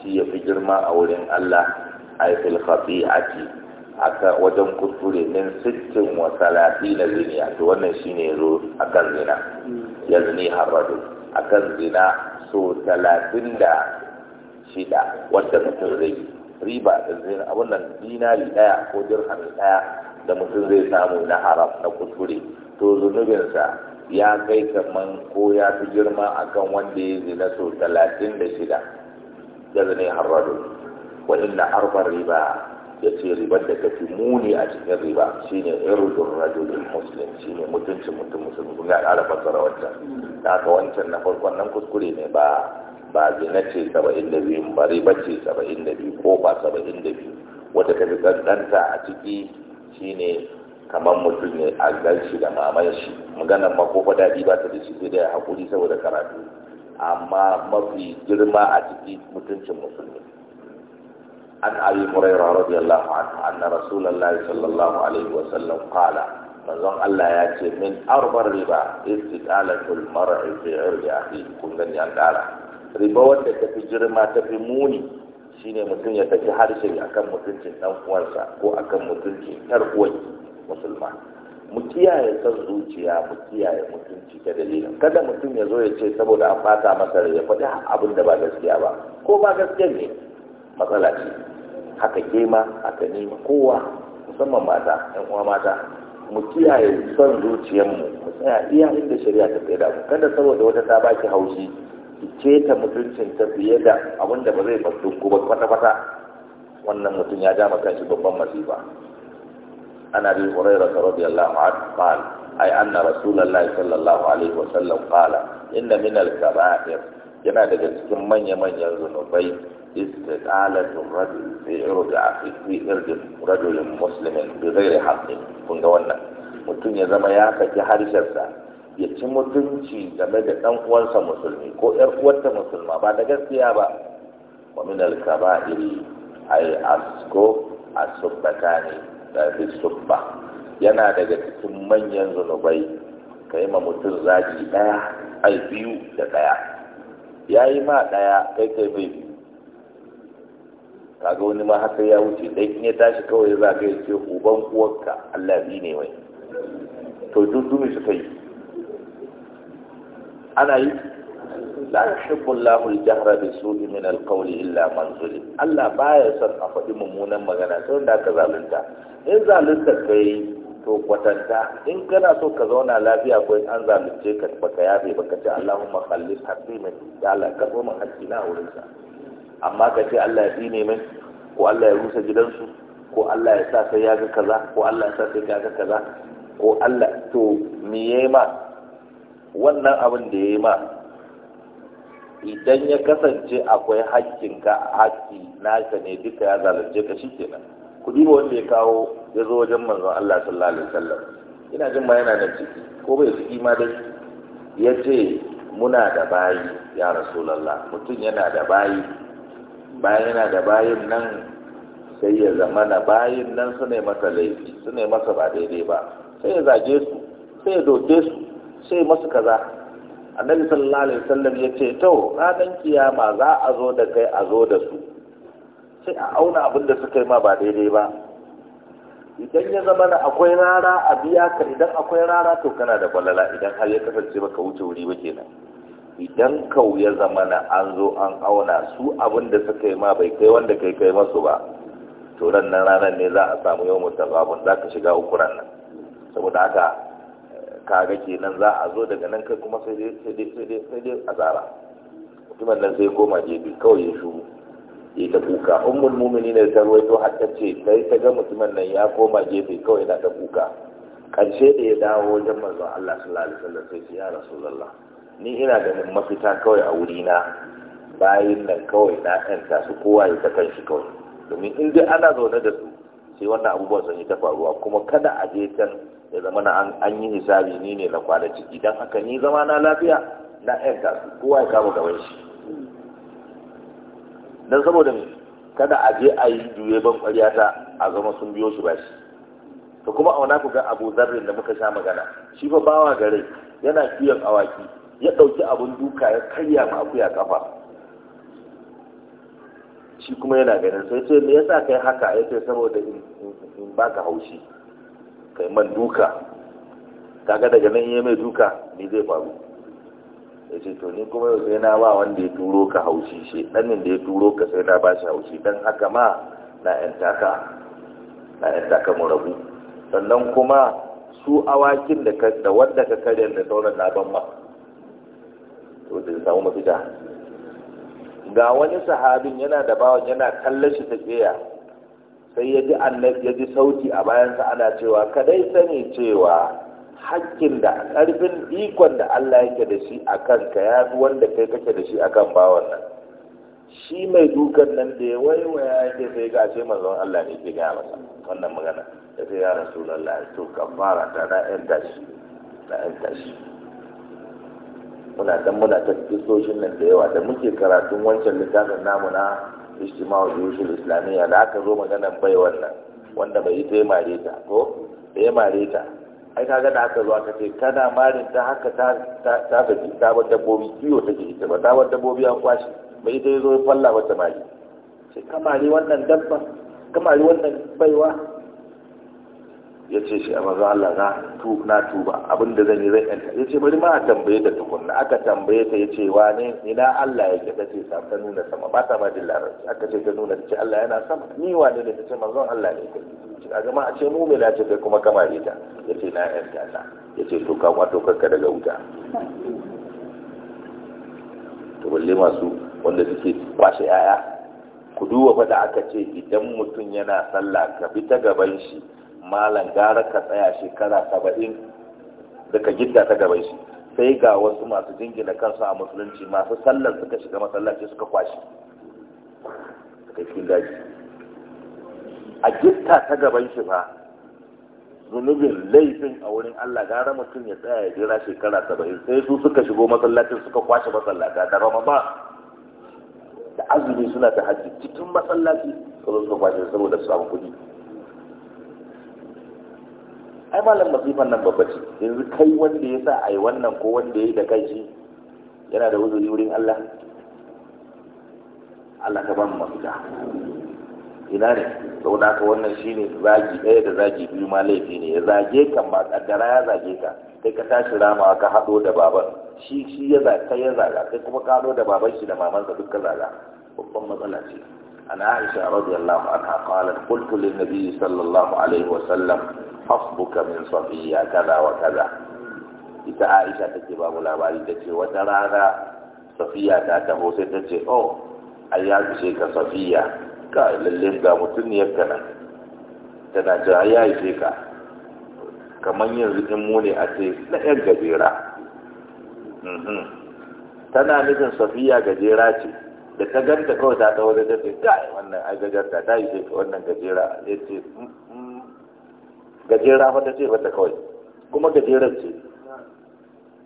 shi ya fi girma a wurin Allah ay fil khati'ati aka wajen kuskure min sittin wa na ziniya to wannan shine a akan zina ya zini harradu akan zina so talatin da shida wanda mutum zai riba da zina a wannan dinari daya ko dirhami daya da mutum zai samu na haram na kuskure to zunubinsa ya kai kaman ko ya fi girma akan wanda ya zina so talatin da shida ya zini harradu wa inna arba riba ya ce ribar da ta fi muni a cikin riba shine irdun rajulin muslim ne mutuncin mutum musulmi kuma ya ƙara fassara wancan da haka wancan na farkon nan kuskure ne ba ba zina ce saba'in da biyu ba riba ce saba'in da biyu ko ba saba'in da biyu wata ta fi ƙanƙanta a ciki shi ne kamar mutum ne a gan shi da maman shi maganar ma ko faɗaɗi ba ta da shi sai da hakuri haƙuri saboda karatu amma mafi girma a ciki mutuncin musulmi عن أبي هريرة رضي الله عنه أن رسول الله صلى الله عليه وسلم قال manzon Allah ya ce min arbar riba istiqalatul mar'i fi irdi akhi kun gani an dara riba wanda ta fi girma ta fi muni shine mutum ya tafi harshe akan mutuncin dan uwansa ko akan mutuncin yar uwanki musulma mu kiyaye san zuciya mu kiyaye mutunci ta dalilin kada mutum ya zo ya ce saboda an fata masa ya faɗi abinda ba gaskiya ba ko ba gaskiya ne matsala ce haka kema haka nema kowa musamman mata yan uwa mata mu kiyaye son zuciyarmu mu tsaya iya inda shari'a ta tsaye da mu kada saboda wata ta baki haushi ki keta mutuncin ta fiye da abin da ba zai fasu ko ba kwata-kwata wannan mutum ya dama kanshi babban masifa ana bi hurairah radiyallahu anhu qala ay anna rasulullahi sallallahu alaihi sallam qala inna min al-kaba'ir yana daga cikin manya-manyan zunubai استدعالة الرجل في إرجع في إرجع رجل مسلم بغير حق kun ga wannan mutum ya zama ya harshen harshensa ya ci mutunci game da ɗan uwansa musulmi ko ‘yar uwarta musulma ba da gaskiya ba wa min al-kaba'iri ay asko asubbatani da bisubba yana daga cikin manyan zunubai kai ma mutum zaki ɗaya, ai biyu da daya yayi ma ɗaya kai kai mai biyu kaga wani ma haka ya wuce dai in ya tashi kawai za ka ce uban uwarka Allah bi ne wai to duk dumi su yi ana yi la yuhibbu Allahu al-jahra bi su'i min al-qawli illa man zulim Allah baya son a faɗi mummunan magana sai wanda ka zalunta in zalunta kai to kwatanta in kana so ka zauna lafiya ko an zalunce ka baka yabe baka ce Allahumma khallis haqqi min Allah ka zo mu haƙƙi wurinka amma ka ce Allah ya tsine mai ko Allah ya rusa gidansu ko Allah ya sa sai ya ga kaza ko Allah ya sa sai ya ga kaza ko Allah to me yayi ma wannan abin da yayi ma idan ya kasance akwai haƙƙinka haƙƙi naka ne duka ya zalunce ka shikenan ku ba wanda ya kawo ya zo wajen manzon Allah sallallahu alaihi wasallam ina jin ma yana da ciki ko bai ciki ma dai ya ce muna da bayi ya rasulallah mutum yana da bayi bayan yana da bayin nan sai ya zama na bayin nan su ne masa laifi su ne masa ba daidai ba sai ya zage su sai ya doke su sai masu kaza annabi sallallahu alaihi wasallam ya ce to ranar kiyama za a zo da kai a zo da su sai a auna abin da suka yi ma ba daidai ba idan ya zama na akwai rara a biya ka idan akwai rara to kana da kwalala idan har ya kasance baka wuce wuri ba kenan idan kau ya zama na an zo an auna su abin da suka yi ma bai kai wanda kai kai masu ba to nan nan ranar ne za a samu yau mutababun za ka shiga hukuran nan saboda haka kaga kenan za a zo daga nan kai kuma sai dai sai dai sai dai sai dai tsara mutumin nan sai koma jebi kawai ya shu ya ta kuka ummul mumini ne ta ruwaito har ta ce sai ta ga mutumin nan ya koma gefe kawai na ta kuka karshe da ya dawo wajen manzon Allah sallallahu alaihi wasallam sai ya rasulullah ni ina ganin mafita kawai a wurina bayan nan kawai na ɗan tasu kowa ya ta kanshi shi kawai domin in ana zaune da su sai wannan abubuwan sun yi ta faruwa kuma kada a je can ya zama na an yi hisabi ni ne na kwana ciki don haka ni zama na lafiya na ɗan tasu kowa ya kama gaban shi don saboda kada a je a yi juye ban ƙwarya ta a zama sun biyo shi ba shi to kuma a wani kuka abu zarrin da muka sha magana shi fa bawa gare yana kiyon awaki ya ɗauki abin duka ya karya ma akuya kafa shi kuma yana ganin sai ce me yasa kai haka ya ce saboda in baka haushi kai man duka kaga daga nan ya mai duka Ni zai faru ya ce to ni kuma yau sai na ba wanda ya turo ka haushi shi ɗanin da ya turo ka sai na ba shi haushi dan haka ma na ƴan taka na ƴan taka mu rabu sannan kuma su awakin da wanda ka karya da sauran na ban ma wanda ya samu mafita ga wani sahabin yana da bawan yana kallon shi ta tsaya sai ya ji annabi ya ji sauti a bayansa ana cewa kadai sani cewa hakkin da karfin ikon da Allah yake da shi a kanka ya fi wanda kai kake da shi a kan bawan nan shi mai dukan nan da ya waiwaya yake sai ga ce manzon Allah ne ke gaya masa wannan magana sai ya rasu lallai to kafara ta na 'yan tashi na 'yan tashi muna dan muna ta kisoshin nan da yawa da muke karatun wancan littafin namu na ijtima'u yushul islamiyya da aka zo maganar bai wannan wanda bai yi ta mare ta ko da ya mare ta ai kaga da aka zo aka ce kana marin ta haka ta ta ta ta bar dabbobi kiyo take ita ba ta bar dabbobi an kwashi bai ita ya zo ya falla wata mari sai kamari wannan dabba kamari wannan baiwa ya ce shi a maza Allah na tuba abin da zan yi zai yanta ya ce bari ma a tambaye da tukunna aka tambaye ta ya ce wa ne ina Allah ya ke ce sa ta nuna sama ba ta ma jin larabci aka ce ta nuna ta ce Allah yana sama ni wa ne ta ce manzon Allah ne ka ce a gama a ce mu na ce kai kuma kamar ita ya ce na yanta ta ya ce to kan wato karka daga wuta to balle masu wanda suke kwashe yaya ku duba fa da aka ce idan mutum yana sallah ka bi ta gaban shi malam gara ka tsaya shekara saba'in daga gidda ta gabai shi sai ga wasu masu jingina kansu a musulunci masu sallar suka shiga masallaci suka kwashi suka fi daji a gidda ta gaban shi fa zunubin laifin a wurin Allah gara mutum ya tsaya ya jira shekara saba'in sai su suka shigo masallacin suka kwashe masallaci, da rama ba, da azumi suna ta hajji cikin masallaci su suka kwashe saboda su samu kuɗi ai malam masifan nan babba ce yanzu kai wanda ya sa a yi wannan ko wanda ya yi da kai shi yana da uzuri wurin Allah Allah ka ban mafita ina ne da ka wannan shine zagi ɗaya da zagi biyu ma laifi ne ya zage ka ba kaddara ya zage ka kai ka tashi rama ka haɗo da baban shi shi ya zaga kai ya zaga kai kuma ka haɗo da baban shi da mamansa duk ka zaga babban matsala ce an aisha radiyallahu anha qalat qultu lin nabiy sallallahu alaihi wa sallam hasbuka min safiya kaza wa kaza ita aisha take ba mu labari ta ce wata rana safiya ta taho sai ta ce oh ai ya ce ka safiya ka lalle ga mutum ne yakka nan tana ce ai ya ce ka kamar yanzu in mu ne a ce na yan gajera mhm. tana nufin safiya gajera ce da ta ganta kawai ta taho da ta ce kai wannan ai gajarta ta yi ka wannan gajera ya ce gajera fa ta ce ta kawai kuma gajerar ce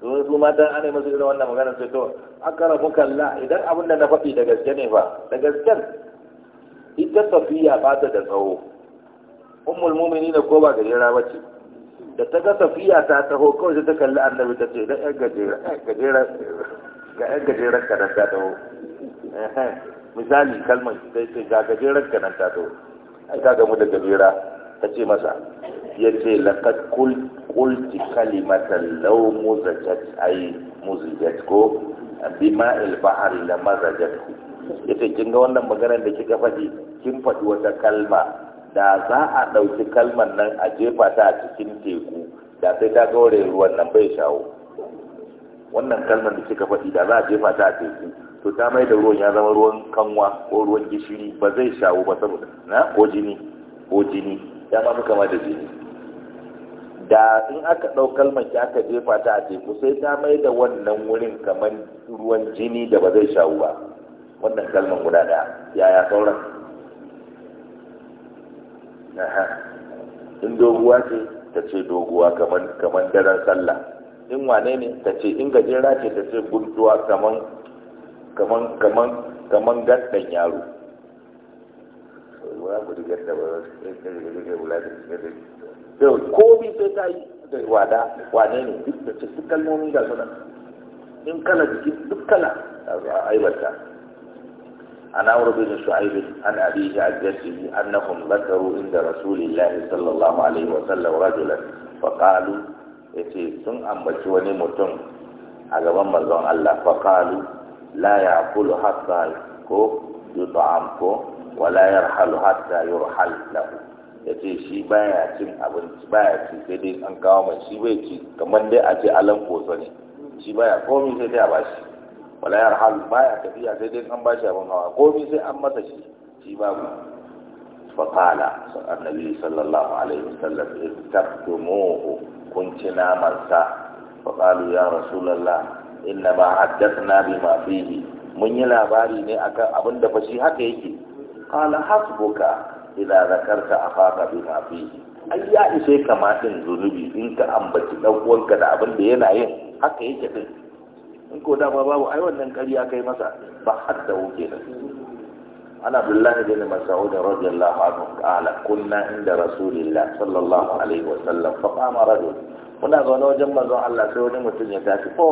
domin su mata ana yi masu irin wannan magana sai kawai akara mu kalla idan abin da na faɗi da gaske ne ba da gasken ita safiya ba ta da tsawo ummul mumini da ko ba gajera ba ce da ta ga safiya ta taho kawai sai ta kalli annabi ta ce da yan gajera gajera ga yan gajera ka da ta taho misali kalmar sai ce ga gajerar ka nan ta taho ai ka gamu da gajera ta ce masa ya ce laƙad kulti kalimatan lau muzajat yi muzajat ko bi ma'il bahari la mazajat ku ya ce kin ga wannan maganar da kika faɗi kin faɗi wata kalma da za a ɗauki kalmar nan a jefa ta a cikin teku da sai ta gaure ruwan nan bai shawo wannan kalmar da kika faɗi da za a jefa ta a teku to ta mai da ruwan ya zama ruwan kanwa ko ruwan gishiri ba zai shawo ba saboda na ko jini ko jini ya ma fi kama da jini da in aka ɗau kalmar ki aka jefa ta a teku sai ta mai da wannan wurin kamar ruwan jini da ba zai shawu ba wannan kalmar guda ɗaya yaya sauran in doguwa ce ta ce doguwa kamar daren sallah in wane ne ta ce in gajera ce ta ce guntuwa kamar kaman gaddan yaro wa ku diga da ba da da da da da da wada wada ne duk da ce duk kalmomi ga in kana jiki duk kala ai barka an amru bi shu'aib an abi ja'dati annahum inda rasulillahi sallallahu alaihi wa sallam rajulan fa qalu yace sun ambaci wani mutum a gaban manzon Allah Fakalu qalu la ya'kulu hatta ko yuta'am ko wala yarhalu hatta yurhal lahu yace shi baya cin abinci baya ci sai dai an kawo mai shi bai ci kamar dai a ce alan koso ne shi baya komi sai dai a bashi wala yarhalu baya tafiya sai dai an bashi abin hawa komi sai an masa shi shi babu فقال النبي صلى الله عليه وسلم اتقتموه كنت نامرسا فقالوا يا رسول الله إنما حدثنا بما فيه mun yi labari ne akan abin da shi haka yake qala hasbuka idza zakarta akhaka bima fihi ai ya ishe kama din zunubi in ka ambaci dan uwanka da abin da yana yin haka yake din in ko dama babu ai wannan ƙarya kai masa ba hadda wuke da ana billahi bin mas'ud radiyallahu anhu qala kunna inda rasulillah sallallahu alaihi wa sallam fa qama rajul muna zaune wajen manzon Allah sai wani mutum ya tashi fa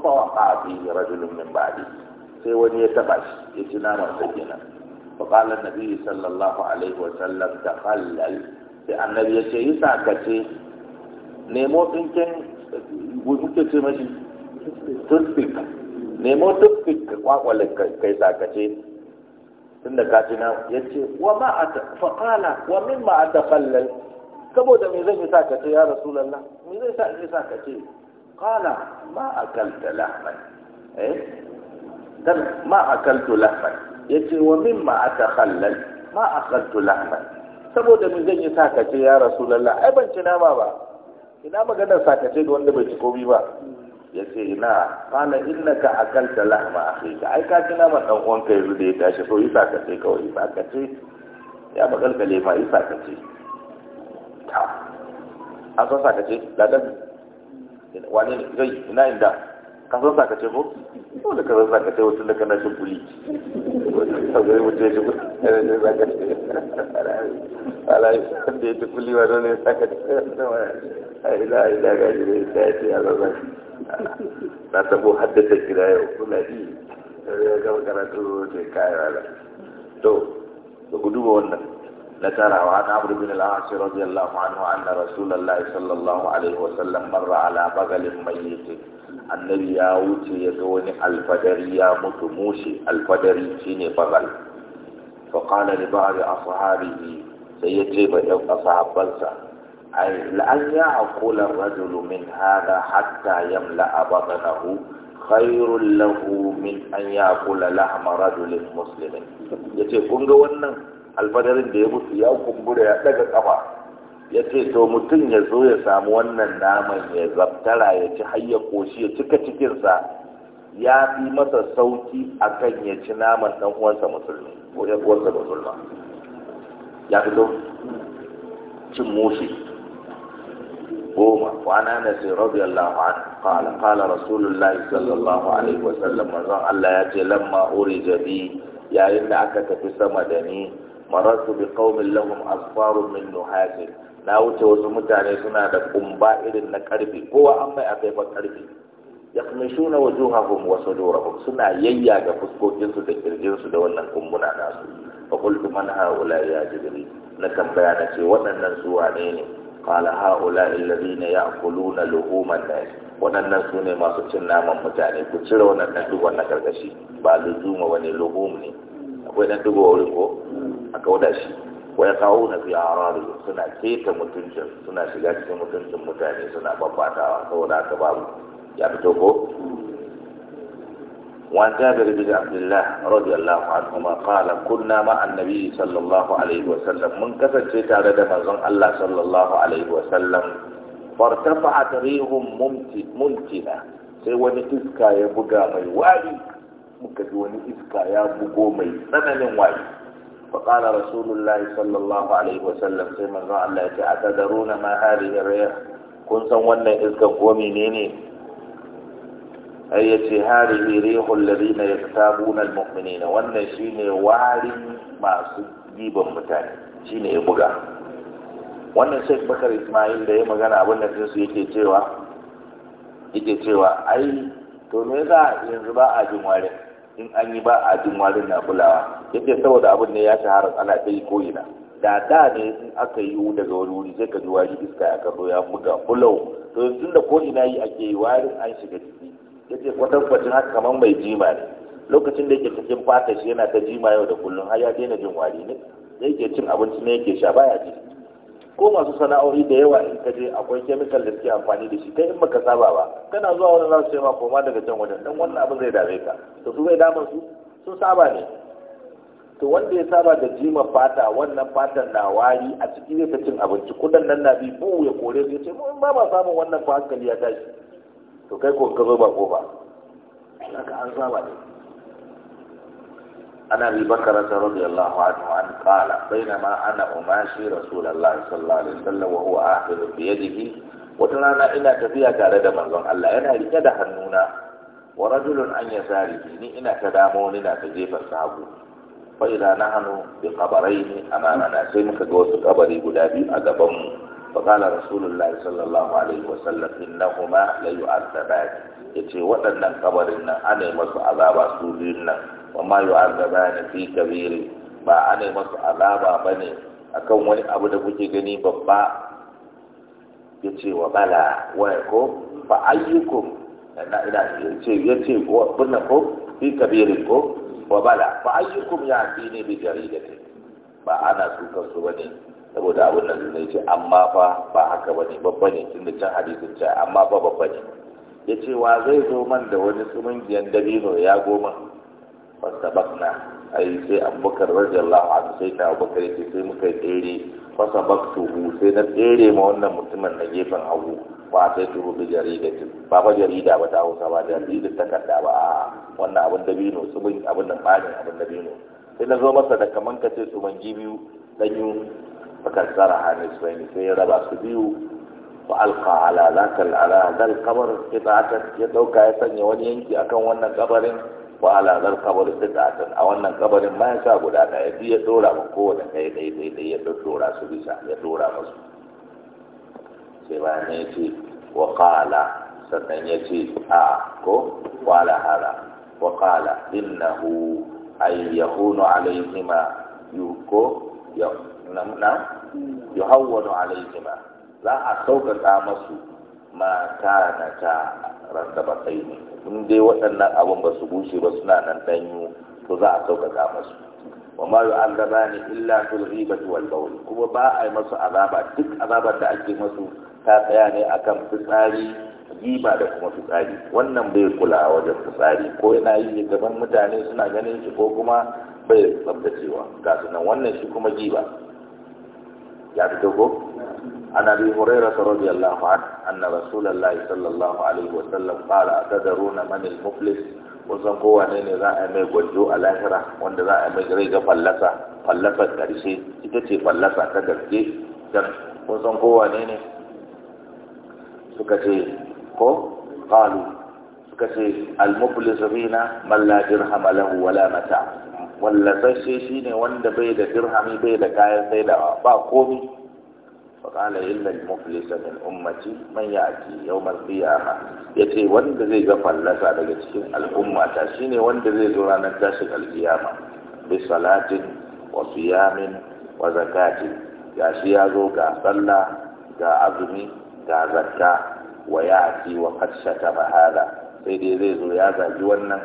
fa fa fi rajulun min ba'di sai wani ya taba shi ya ci naman sa kenan فقال النبي صلى الله عليه وسلم تخلل sai annabi ya ce nemo tsinken muke ce mashi toothpick nemo toothpick ka kwakwale kai sakace tun da ka na ya wa ma a faƙala wa min ma a tafallal saboda me zan yi sakace ya zai yi sakace kala ma a yace wa min ma aka atakhallal ma a kantu lahman saboda min zan yi sakace ya rasu lalla ai ban ci nama ba ina maganar sakace da wanda bai ci komi ba ya ce ina kana a akalta lahma a ai ka ci nama uwan uwanka yanzu da ya tashi so yi sakace kawai yi sakace ya makalkale ma yi sakace ta an san sakace ladan wani zai ina inda ka san sakace ko dole ka san sakace wata da kana shi kuli sabai mutum shi buli eh, ne sakace alayi da ya ta kuli wa dole ya sakace ai a ila ga shi ne ta ce ya zama na tabo haddata gida ya kula ji ya ga karatu da kayan to da gudu wannan ذكر وعن عمرو بن العاص رضي الله عنه أن رسول الله صلى الله عليه وسلم مر على بغل ميت annabi ya wuce ya ga wani alfadari ya mutu mushi, alfadari shine bagal fa qala li ba'd ashabihi sai ya ce ba ɗan ashabansa ay la an ya'qula ar-rajul min hadha hatta yamla'a batnahu khairul lahu min an ya'qula lahma rajulin muslimin yace kun ga wannan alfadarin da ya mutu ya kumbura ya daga kafa ya ce to mutum ya zo ya samu wannan naman ya zaftara ya ci hayya ya koshi ya cika cikinsa ya fi masa sauki akan ya ci naman dan uwansa musulmi ko ya uwansa musulma ya fito cin mushi goma kwana na sai rabi Allah an kala kala rasulullahi sallallahu alaihi wasallam manzon Allah ya ce lamma uri jabi yayin da aka tafi sama da ni marasu bi qaumin lahum asfaru min nuhasin na wuce wasu mutane suna da kumba irin na karfi kowa an mai akai fa karfi yakmishuna wujuhahum wa sudurahum suna yayyaga fuskokinsu da su da wannan kumbuna nasu fa qultu man haula ya jibril na tambaya na ce waɗannan su wane ne qala haula alladhina ya'kuluna luhuman nas waɗannan su ne masu cin naman mutane ku cire wannan duk wannan karkashi ba luzuma wani luhum ne akwai ɗan dubo wurin ko a kauda shi wai kawo na fi arari suna keta mutuncin suna shiga cikin mutuncin mutane suna babbatawa saboda haka babu ya fito ko وعن جابر بن عبد الله رضي الله عنهما قال كنا مع النبي صلى الله عليه وسلم من Allah على alaihi الله صلى الله عليه وسلم فارتفعت ريح sai wani iska ya يبقى mai واري muka ji wani iska ya bugo mai tsananin waye فقال رسول الله صلى الله عليه وسلم سيما الله أتدرون ما هذه الريح kun san wannan iskan ko menene ai yace harihi rihul ladina yaktabuna almu'minina wannan shine warin masu giban mutane shine ya buga wannan Sheikh Bakar Ismail da ya magana abin da su yake cewa yake cewa ai to me a yanzu ba a jin warin in an yi ba a jin warin na kulawa yake saboda abin ne ya shahara ana ta yi koyina da da ne in aka yi daga wani wuri sai ka ji wari iska ya kaso ya buga kulau to yanzu da ko yi ake yi warin an shiga ciki yace kwatankwacin haka kamar mai jima ne lokacin da yake cikin fata shi yana ta jima yau da kullum har ya daina jin wari ne da yake cin abinci ne yake sha baya ji ko masu sana'o'i da yawa in ka je akwai kemikal da suke amfani da shi kai in baka saba ba kana zuwa wani za su ce ma koma daga can wajen dan wannan abin zai dame ka to su zai dama su sun saba ne to wanda ya saba da jima fata wannan fatan na wari a ciki zai ta cin abinci kudan nan na bi bu ya kore su ya ce mun ba ma samun wannan fa hankali ya tashi to kai ko ka zo ba ko ba haka an saba ne عن ابي بكرة رضي الله عنه عن قال بينما انا اماشي رسول الله صلى الله عليه وسلم وهو اخذ بيده وترانا الى تفيا تare da manzon Allah yana rike da hannuna wa rajulun an yasari ni ina ta damo ni na ta gefen sahabu fa idza nahnu bi Amana na sai muka ga wasu kabari guda biyu a gaban mu fa qala rasulullahi sallallahu alaihi wasallam innahuma la yu'adhaban yace waɗannan kabarin nan ana yi masu azaba su biyun nan wa ma na fi kabiri ba ana masu ne a kan wani abu da kuke gani babba ce wa bala wa ko fa ayyukum na ina yace yace ko bunna ko fi kabiri ko wa bala fa ayyukum ya ne bi ke ba ana sukan su ne saboda abin nan zai ce amma fa ba haka ba ne babba ne tun da can hadisin ce amma fa babba ne Ya ce wa zai zo man da wani sumungiyan dabino ya goma fasabakna ai sai abubakar radiyallahu anhu sai ta abubakar yake sai muka tsere hu sai na tsere ma wannan mutumin na gefen hagu ba sai turu da jarida ba ba jarida ba ta hausa ba jarida takarda ba a wannan abin dabino bin abin nan bani abin dabino sai na zo masa da kaman biyu tsuman gibiyu danyu fakar tsara su ne sai ya raba su biyu wa alqa ala zakal ala kamar qabr qita'atan ya dauka ya sanya wani yanki akan wannan kabarin wa ala zar kabar sitatan a wannan kabarin ma sa guda ɗaya biyu ya dora ma kowane kai dai dai dai ya dora su bisa ya dora musu sai ba ya ce wa kala sannan ya ce a ko wala hala wa qala innahu ay yahunu yu ko? ya yu yuhawwanu alaihima za a sauƙaƙa masu ma kana ta rantaba kai ne in dai waɗannan abin ba su bushe ba suna nan ɗanyu to za a sauƙaƙa masu wa ma gaba ni illa fil riba wal bawl kuma ba a yi masu azaba duk azabar da ake masu ta tsaya ne akan fitsari giba da kuma fitsari wannan bai kula wajen fitsari ko yana yi gaban mutane suna ganin shi ko kuma bai tsabtacewa ga sunan wannan shi kuma giba ya fito ko عن أبي هريرة رضي الله عنه أن رسول الله صلى الله عليه وسلم قال أتدرون من المفلس wasan kowane ne za a yi mai gwajo a lahira wanda za a yi mai rai ga fallasa fallasar ƙarshe ita ce fallasa ta gaske don kusan kowane ne suka ce ko ƙalu suka ce almuflis rina mallajin hamalahu wala mata wallasashe shi ne wanda bai da dirhami bai da kayan saidawa ba komi qala illa al-muflis manya ummati man ya'ti ya al-qiyamah yace wanda zai ga fallasa daga cikin al'ummata shine wanda zai zo ranar tashin al-qiyama bi salatin wa siyamin wa ya zo ga sallah ga azumi ga zakka wa yafi wa qad shatama hada sai dai zai zo ya zabi wannan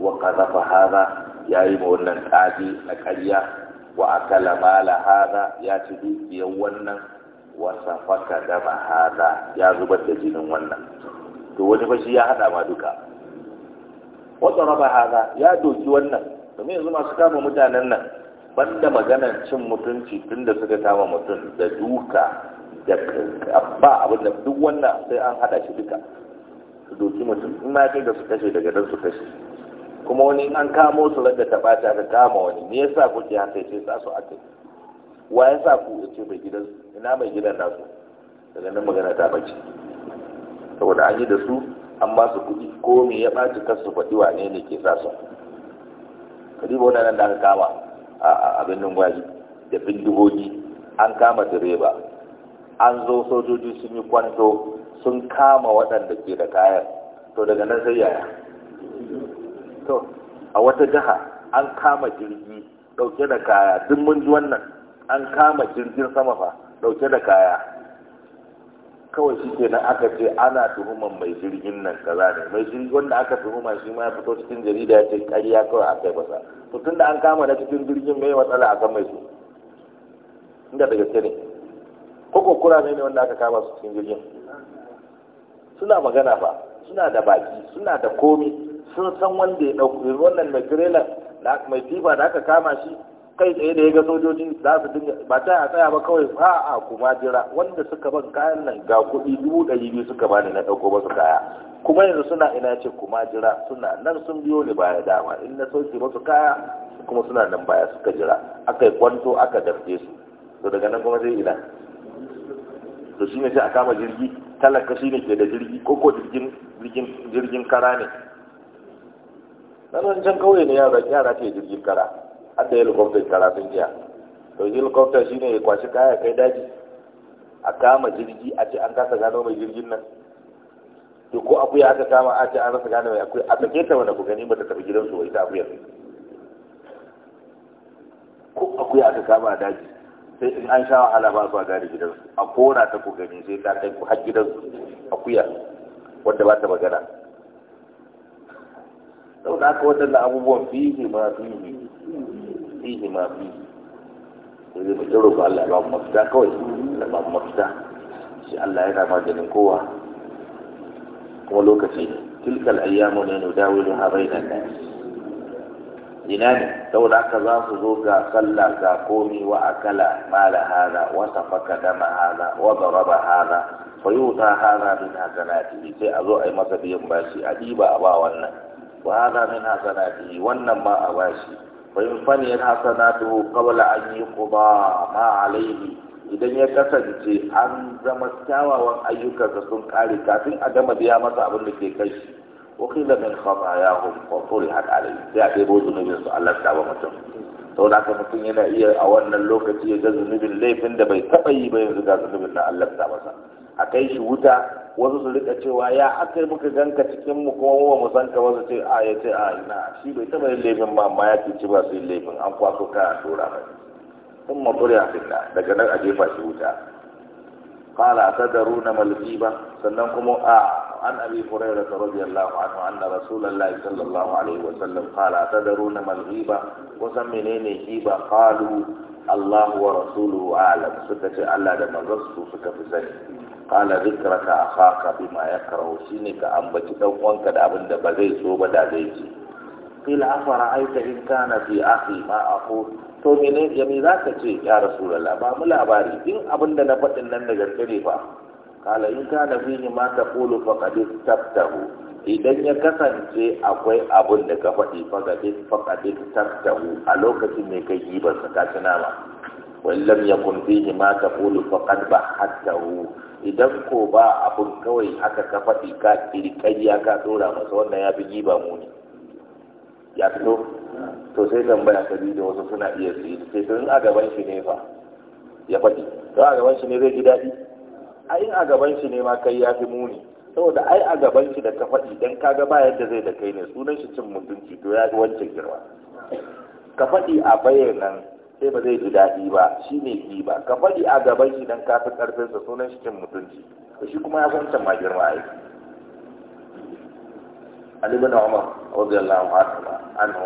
wa qadhafa ya yi ma wannan kadi na ƙarya wa akala mala hada ya ci dukiyar wannan wa safaka dama hada ya zubar da jinin wannan to wani fashi ya hada ma duka wata raba hada ya doki wannan domin yanzu masu kama mutanen nan banda maganar cin mutunci tun da suka kama mutum da duka da ba abin da duk wannan sai an hada shi duka su doki mutum in ma kai da su kashe daga nan su kashe kuma wani an kamo su ladda ta bata aka kama wani me yasa kuke haka sai sa su aka wa yasa ku ce mai gidan ina mai gidan nasu daga nan magana ta bace saboda an yi da su an ba su kuɗi ko me ya ɓaci kasu faɗi wane ne ke sa su ka duba nan da aka kama a abin nan gwaji da bindigogi an kama direba an zo sojoji sun yi kwanto sun kama waɗanda ke da kayan to daga nan sai yaya a wata jiha an kama jirgi dauke da kaya duk mun ji wannan an kama jirgin sama fa dauke da kaya kawai shi ke nan aka ce ana tuhuman mai jirgin nan kaza ne mai jirgin wanda aka tuhuma shi ma ya fito cikin jarida ya ce ƙarya kawai aka yi masa to da an kama na cikin jirgin mai matsala akan mai su inda da gaske ne ko kokura ne wanda aka kama su cikin jirgin suna magana ba suna da baki suna da komi sun san wanda ya ɗauki yanzu wannan mai da mai tifa da aka kama shi kai tsaye da ya ga sojoji za su dinga ba ta a tsaya ba kawai ba a kuma jira wanda suka ban kayan nan ga kuɗi dubu ɗari biyu suka bani na ɗauko ba su kaya kuma yanzu suna ina ce kuma jira suna nan sun biyo ni baya dama in na sauke ba su kaya kuma suna nan baya suka jira aka yi kwanto aka dafke su to daga nan kuma zai ina to shi ne sai a kama jirgi talaka ne ke da jirgi ko ko jirgin jirgin kara ne nan can kawai ne yara yara ke jirgin kara har da helicopter kara sun jiya to helicopter shine ya kwashi kaya kai daji a kama jirgi a ce an kasa gano mai jirgin nan to ko akuya aka kama a ce an rasa gano mai akuya a sake ta wanda ku gani ba ta tafi gidansu ba ita akuya. ko akuya aka kama a daji sai in an sha wahala ba su a gane gidansu a kora ta ku gani sai ta kai ku har gidansu akuya wanda ba ta magana لو ذاك هو اللي أبوه فيه ما فيه فيه ما فيه إذا بجرو قال لا ما مفتاح لا ما مفتاح شاء الله إذا ما جن قوة ولو كثير تلك الأيام اللي نداولها بين الناس ينام لو ذاك ذاك ذوق صلى كومي وأكل مال هذا وسفك دم هذا وضرب هذا فيوتا هذا من هكذا في أذوع مسبي باشي أجيب أبا وأنا wa hada min hasanati wannan ma a bashi fa in faniyat hasanatu qabla an yuqda ma alayhi idan ya kasance an zama kyawawan da sun kare kafin a gama biya masa abin da ke kai shi wa qila min khatayahum fa tulihat alayhi sai a ɗebo su Allah ta ba mutum sau da mutum yana iya a wannan lokaci ya ga zunubin laifin da bai taɓa yi ba yanzu ga zunubin na Allah ta masa a kai shi wuta wasu su rika cewa ya aka yi muka ganka cikin mu kuma mu san ka wasu ce a ya ce a ina shi bai taɓa yin laifin ba amma ya ce ba su yi laifin an kwaso ka a tura ba sun mafuri a fitna daga nan a jefa shi wuta kala ta daru na malfi ba sannan kuma a عن أبي هريرة رضي الله عنه أن رسول الله صلى الله عليه وسلم قال أتدرون ما الغيبة وسمينيني غيبة قالوا الله ورسوله أعلم سكة ألا دم الرسل سكة سني قال ذكرك أخاك بما يكره شينك أم بجدو وانك دابن دبزي سوبة دابيجي قيل أفرأيت إن كان في أخي ما أقول to mene ya me za ka ce ya rasu ba mu labari in abin da na faɗin nan da gaske ne fa kala in kana fihi ma taqulu faqad istabtahu idan ya kasance akwai abun da ka faɗi faqad istabtahu a lokacin ne kai gibar sa ka ci nama wal lam yakun fihi ma taqulu faqad bahatahu idan ko ba abun kawai haka ka faɗi ka kirkariya ka dora masa wannan ya fi giba ne. ya fito to sai tambaya ta da wasu suna iya su yi sai sun a gaban shi ne fa ya faɗi to a gaban shi ne zai ji daɗi ayin a gaban shi ne ma kai ya fi muni saboda ai a gaban shi da ka faɗi dan kaga ba yadda zai da kai ne sunan shi cin mutunci to ya yi wancan girma ka faɗi a bayyanan sai ba zai ji daɗi ba shi ne bi ba ka faɗi a gaban shi dan ka fi sa sunan shi cin mutunci to shi kuma ya san can ma girma ai Ali bin Umar radiyallahu anhu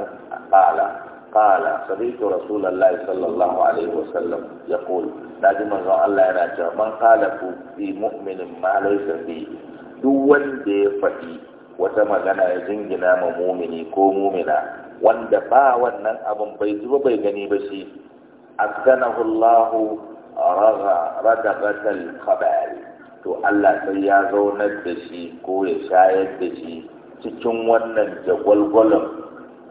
qala qala sami'tu Rasulullahi sallallahu alaihi wasallam yaqul daji manzon Allah yana cewa man qala fi mu'minin ma laysa bi duk wanda ya faɗi wata magana ya jingina ma mumini ko mumina wanda ba wannan abin bai ji bai gani ba shi askanahu Allah raga ragabatal khabari to Allah sai ya zaunar da shi ko ya shayar da shi cikin wannan jagwalgwalon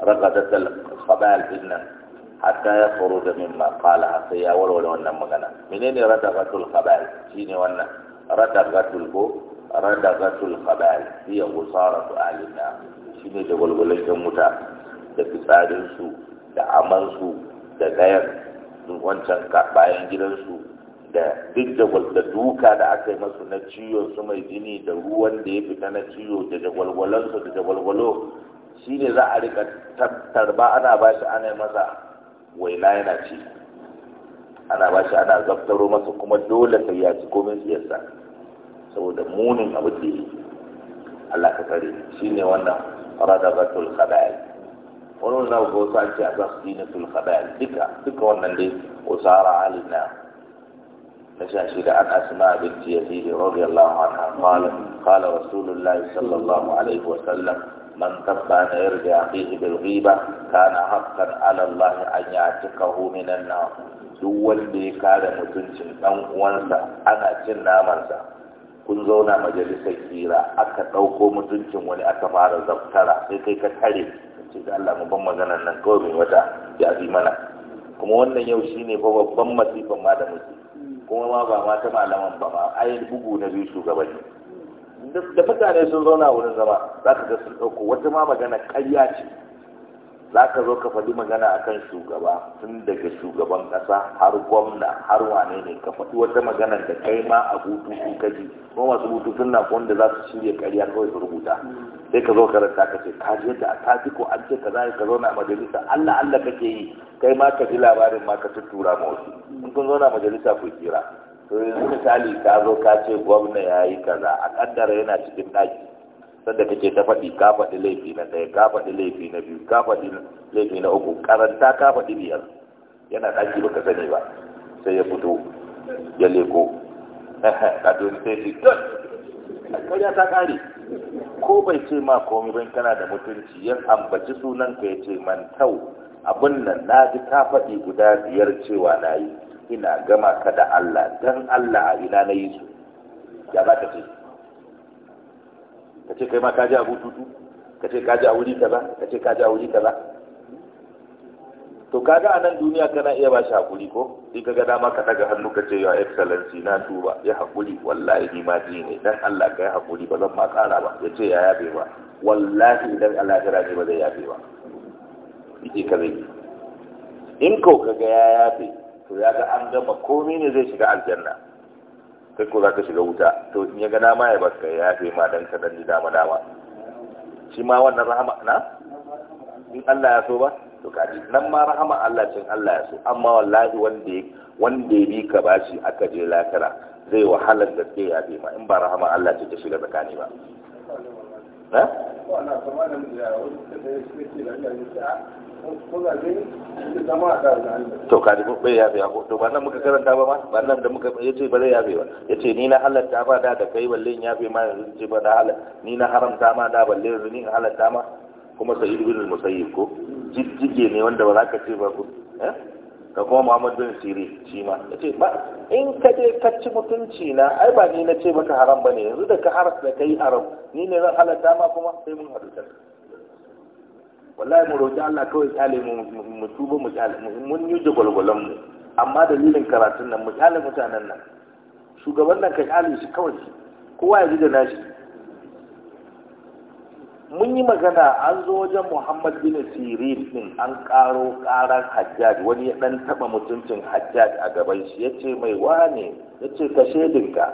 ragabatal khabari din nan hatta ya faru da min maƙala har sai ya warware wannan magana menene gatul khabari shine wannan rada gatul ko rada shi ya gusara gusaratu alina shine da gwalgwalan kan muta da su da amansu da gayan wancan bayan gidansu da duk da duka da aka yi masu na ciwo su mai jini da ruwan da ya fita na ciwo da jagwalgwalansu da jagwalgwalo shi ne za a rika tarba ana ba shi ana masa waina yana ci ana ba shi ana zaftaro masa kuma dole sai ya ci komin siyarsa saboda munin abu da yi Allah ka tsare shi ne wannan radaratul khada'il wani wannan ga wasu an ce a zasu dinatul khada'il duka duka wannan dai usara halin na نشان شيء عن أسماء بنت يزيد رضي الله عنها قال قال رسول الله صلى الله عليه وسلم من تبان يرجى أخيه بالغيبة كان حقا على الله أن يعتقه من النار duk wanda ya kare mutuncin dan uwansa ana cin namansa kun zauna majalisar kira aka ɗauko mutuncin wani aka fara zaftara sai kai ka tare ce da Allah ban maganar nan kawai mai wata ya fi mana kuma wannan yau shine ne babban masifan ma da mutum. kuma ma ba ma ta malaman ba ma ai bugu na biyu shugabanni da mutane sun zauna wurin zama za ka ga sun ɗauko wata ma magana ƙarya ce za ka zo ka faɗi magana akan shugaba tun daga shugaban ƙasa har gwamna har wane ne ka faɗi wata magana da kai ma a bututu kaji kuma masu bututun na wanda za su shirya ƙarya kawai su rubuta sai ka zo karanta ka ce ka je da ko an ce ka zai ka zo na majalisa Allah Allah kake yi kai ma ka ji labarin ma ka tuttura ma wasu in kun na majalisa ku kira to yanzu misali ka zo ka ce gwamna ya yi kaza a kaddara yana cikin daki sanda kake ta faɗi ka faɗi laifi na ɗaya ka faɗi laifi na biyu ka faɗi laifi na uku karanta ka faɗi biyar yana ɗaki baka sani ba sai ya fito ya leko <laughs> a dole sai shi ƙarya ta ƙare ko bai ce ma komai bai kana da mutunci yan ambaci sunan ka yace man tau abin nan na ji ta faɗi guda biyar cewa na yi ina gama ka da Allah dan Allah a ina na yi su ya ba ka ce ka ce kai ma ka ji abu tutu ka ce ka ji a wuri kaza ka ce ka ji a wuri kaza to kaga a nan duniya kana iya ba shi hakuri ko sai kaga dama ka daga hannu ka ce ya excellency na tuba ya hakuri wallahi ni ma ji ne dan Allah ka yi hakuri ba zan ma kara ba ya ce ya yabe ba wallahi idan Allah ya raje ba zai yabe ba yake ka zai in ko kaga ya yabe to ya ga an gama komai ne zai shiga aljanna kai ko za ka shiga wuta to in ya ga dama ya baka ya yabe ma dan ka dan dama dama shi ma wannan rahama na in Allah ya so ba to nan ma rahama Allah cin Allah ya so amma wallahi wanda wanda bi ka bashi aka je lafira zai ya bi ma in ba rahama Allah ce ta shiga tsakani ba eh? to ko bai ko to ba nan muka karanta ba ma ba nan da muka yace ba zai ba yace ni na halatta ba da da kai balle in ma yanzu ce ba da ni na haramta ma da balle yanzu ni halatta ma kuma sai ibn al-musayyib ko jijjige ne wanda ba za ka ce ba ku eh? ka kuma Muhammad bin sirri shi ma ce ba in ka je ka ci mutunci na ai ba ni na ce maka haram bane yanzu da ka haras da kai haram ni ne zan halatta ma kuma sai mun hadu da wallahi mu roƙi Allah kawai tsale mu mu tuba mu tsale mun yi da mu amma dalilin karatun nan mu tsale mutanen nan shugaban nan ka tsale shi kawai kowa ya ji da nashi mun yi magana an zo wajen muhammad bin sirin din an karo karar hajjaj wani ya dan taba mutuncin hajjaj a gaban shi ya ce mai wane ya ce ka shaidinka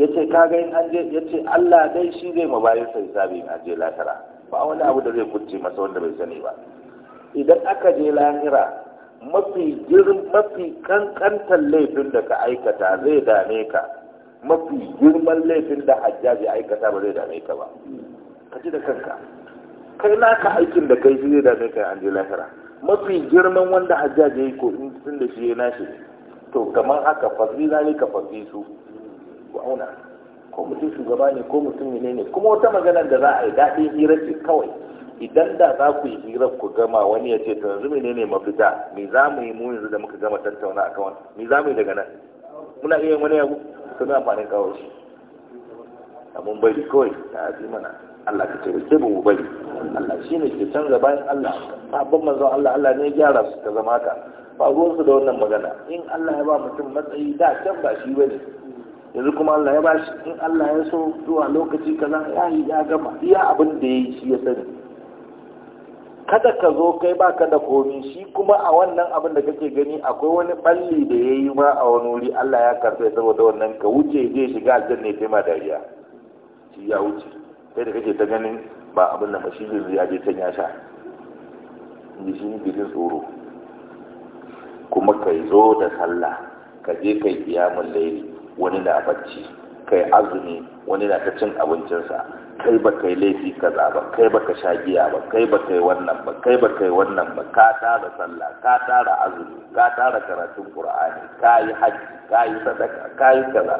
ya ce ka ga an je ya ce allah dai shi zai mu bayan sai sabi a je lahira ba wani abu da zai kuce masa wanda bai sani ba idan aka je lahira mafi girin mafi kankantar laifin da ka aikata zai dame ka mafi girman laifin da hajjaji aikata ba zai dame ka ba ka ji da kanka kai naka aikin da kai shi da kai an je lahira mafi girman wanda hajjaji yi ko in tun da shi ya nashi to kamar haka ne ka fasi su ku auna ko mutum shugaba ne ko mutum ne ne kuma wata maganar da za a yi daɗin hira ce kawai idan da za ku yi hira ku gama wani ya ce to yanzu mene ne mafita me za mu yi mu yanzu da muka gama tattauna a kawai me za mu yi daga nan muna iya yin wani ya to na amfanin kawo shi abun bai kawai ta asi mana Allah ka taimake mu mu bari Allah shi ne ke canza bayan Allah sabon manzo Allah Allah ne ya gyara su ta zama haka ba su da wannan magana in Allah ya ba mutum matsayi da can ba shi bane yanzu kuma Allah ya ba shi in Allah ya so zuwa lokaci kaza ya yi ya gama iya abin da ya yi shi ya sani kada ka zo kai ba ka da komi shi kuma a wannan abin da kake gani akwai wani balli da ya yi ma a wani wuri Allah ya karfe saboda wannan ka wuce zai shiga aljanna ya ma dariya shi ya wuce sai da kake ta ganin ba abin da mashi yanzu ya je can ya sha inda shi ne tsoro kuma kai zo da sallah ka je kai kiyamun laili wani na bacci kai azumi wani na ta cin abincinsa kai ba kai laifi kaza ba kai ba ka sha giya ba kai ba kai wannan ba kai ba kai wannan ba ka tara sallah ka tara azumi ka tara karatun qur'ani ka yi haji ka yi sadaka ka yi kaza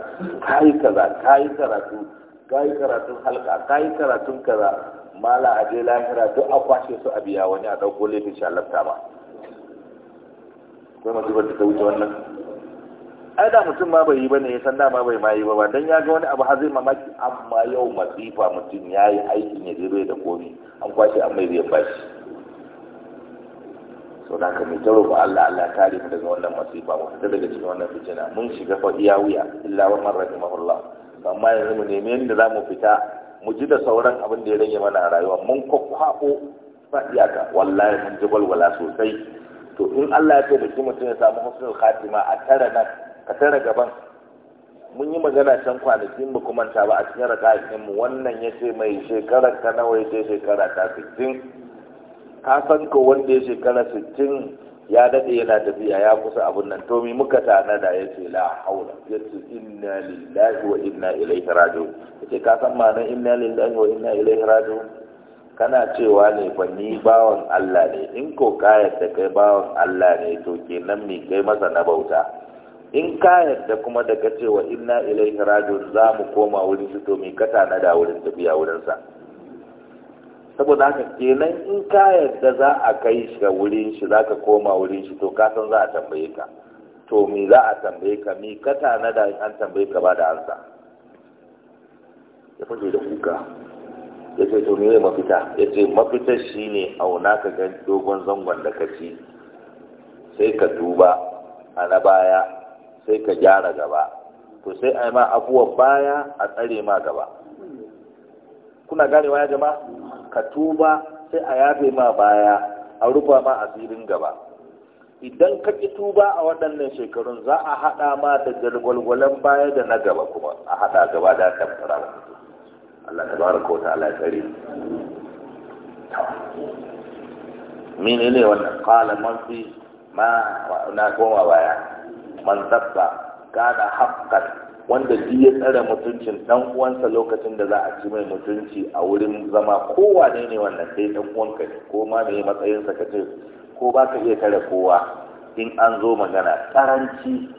ka yi kaza ka yi karatu kayi karatun halka kayi karatun kaza mala a je lahira duk a kwashe su a biya wani a ɗauko laifin shi alafta ba kuma masu da ta wuce wannan ai da mutum ma bai yi bane ya san dama bai ma yi ba ba dan ya ga wani abu har zai mamaki amma yau masifa mutum ya yi aikin ya je bai da komi an kwashe an mai zai bashi to da haka mai taro ba Allah Allah kare mu daga wannan masifa mu fita daga cikin wannan fitina mun shiga fa iya wuya illa wa man rahimahullah amma yanzu mu nemi yadda za mu fita mu ji da sauran abin da ya rage mana a rayuwa mun kwakwako ba iyaka wallahi mun ji walwala sosai to in Allah ya taimaki mutum ya samu husnul khatima a tara nan ka tara gaban mun yi magana can kwanaki ba kuma ta ba a cikin raka'in mu wannan yace mai shekarar ka nawa yace shekara ta 60 ka san ko wanda ya shekara 60 ya daɗe yana tafiya ya kusa abun nan to mi muka tanada ya ce la haula ya ce inna lillahi wa inna ilaihi raji'un yace ka san ma'anar inna lillahi wa inna ilaihi raji'un kana cewa ne fa ni bawan Allah ne in ko ka yadda kai bawan Allah ne to kenan mi kai masa na bauta in ka yadda kuma da cewa inna ilaihi raji'un za mu koma wurin shi to mi ka tanada wurin tafiya wurin sa saboda haka kenan in ka yadda za a kai shi wurin shi za ka koma wurin shi to ka san za a tambaye ka to me za a tambaye ka me ka tana da an tambaye ka ba da ansa ya fage da kuka ya ce to me mafita ya ce mafita shi ne auna ka ga dogon zangon da ka ci sai ka duba a na baya sai ka gyara gaba to sai a yi ma afuwar baya a tsare ma gaba kuna ganewa ya jama'a ka tuba sai a yafe ma baya a rufa ma a asirin gaba idan ka ki tuba a waɗannan shekarun za a haɗa ma da galgwalgwalan baya da na gaba kuma a haɗa gaba da tamfara wa Allah ta bara ko ta Allah tsare mene ne wannan qala man fi ma na koma baya man tabba kada haqqan wanda shi ya tsare mutuncin dan uwansa lokacin da za a ci mai mutunci a wurin zama kowa ne ne wannan dai dan uwanka ne ko ma me matsayin sa kace ko ba ka iya kare kowa in an zo magana karanci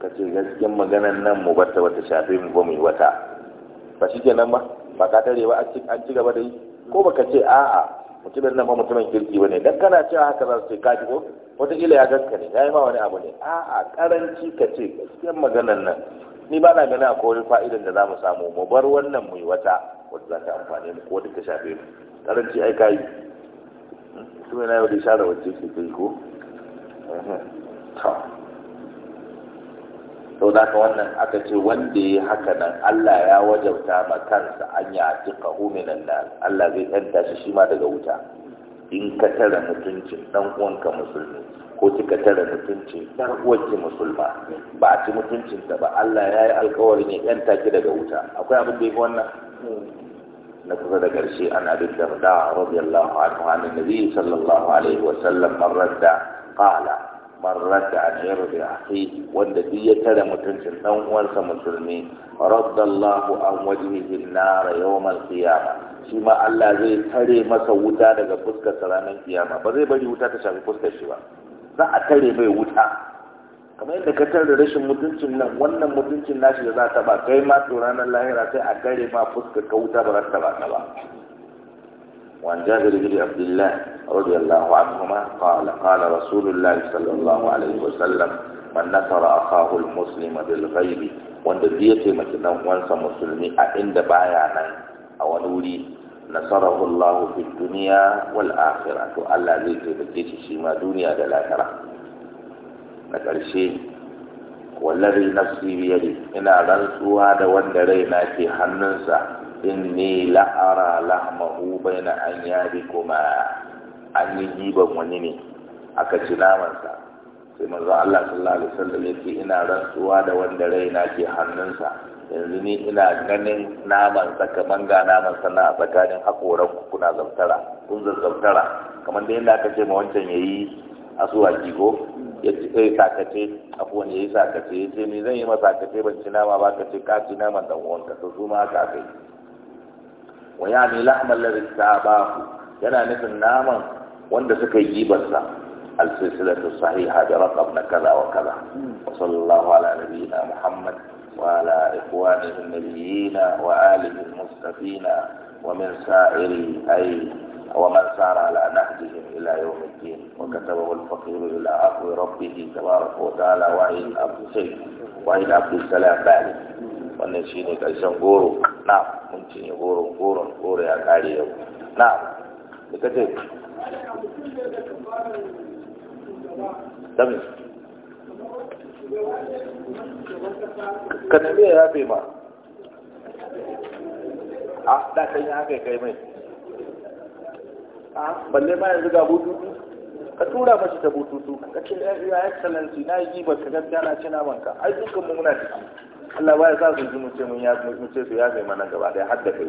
kace gaskiyar maganan nan mu bata wata shafe mu ba mu wata ba shi nan ba ba ka tare ba an ci gaba da yi ko ba ka ce a'a mutumin nan ba mutumin kirki ne dan kana cewa haka za su ce ka ji ko wataƙila ya gaskare ne ya yi ma wani abu ne a'a karanci ka ce gaskiyar maganan nan ni ba na gani akwai wani fa'idan da za mu samu mu bar wannan mu yi wata wadda za ta amfani mu ko ta shafe mu karanci ai kayi kuma na yau da share wacce ke kai ko to da ka wannan aka ce wanda ya haka nan Allah ya wajauta ma kansa an ya atiqa hu minan nar Allah zai yanta shi shi ma daga wuta in ka tara mutuncin dan uwanka musulmi ko kika tara mutunci dan ki musulma ba a ci mutuncin ta ba Allah ya yi alkawari ne yan take daga wuta akwai abin da yake wannan na kusa da ƙarshe ana abin da da radiyallahu anhu an nabi sallallahu alaihi wa sallam man radda qala man radda an yarda akhi wanda duk ya tara mutuncin dan uwarsa musulmi raddallahu an wajhihi an-nar yawm al-qiyamah shi ma Allah zai tare masa wuta daga fuskar ranar kiyama ba zai bari wuta ta shafi fuskar shi ba za a tare mai wuta kamar yadda ka tare rashin mutuncin nan wannan mutuncin nashi da za ta ba kai ma to ranar lahira sai a kare ma fuska ka wuta ba ta ba ta ba وعن جابر بن عبد الله رضي الله عنهما قال قال رسول الله صلى الله عليه وسلم من نصر أخاه المسلم بالغيب وان ديته وانسى مسلمي عند نوري nasarahu Allah fi duniya wal akhirah to Allah zai taimake shi shi ma duniya da lahira na ƙarshe wallahi nafsi biyadi ina rantsuwa da wanda raina ke hannunsa inni la'ara lahmahu baina an yadi kuma an yi jiban wani ne aka ci namansa sai manzo Allah sallallahu alaihi wasallam yake ina rantsuwa da wanda raina ke hannunsa yanzu ni ina ganin naman saka manga naman sannan a tsakanin haƙoran kuna zautara kun zazzautara kamar da yadda aka ce ma wancan ya yi suwa jigo ya ci kai sakace afuwan ya yi sakace ya ce ni zan yi masa sakace ban ci nama ba ka ce ka ci naman dan uwan ka su ma haka kai wa ya ni lahmal ladhi sabahu yana nufin naman wanda suka yi bansa al-silsilatu sahiha da raqab na kaza wa kaza wa sallallahu ala nabiyyina muhammad وعلى إخوانه النبيين وآله المصطفين ومن سائر أي ومن سار على نهجهم إلى يوم الدين وكتبه الفقير إلى عفو ربه تبارك وتعالى وإن عبد سيد وإن عبد السلام بالي wannan shi ne ƙarshen goro na mun cinye goron goron goro ya kare yau na da kace ka ya yafe ma a da kan yi haka kai mai a balle ma yanzu ga bututu ka tura mashi ta bututu ka ce ya excellency na yi ba ka gaskiya na ce na manka ai dukkan mu muna ciki Allah ba ya sa su ji mu ce mun ya mu ce su ya kai mana gaba daya har da kai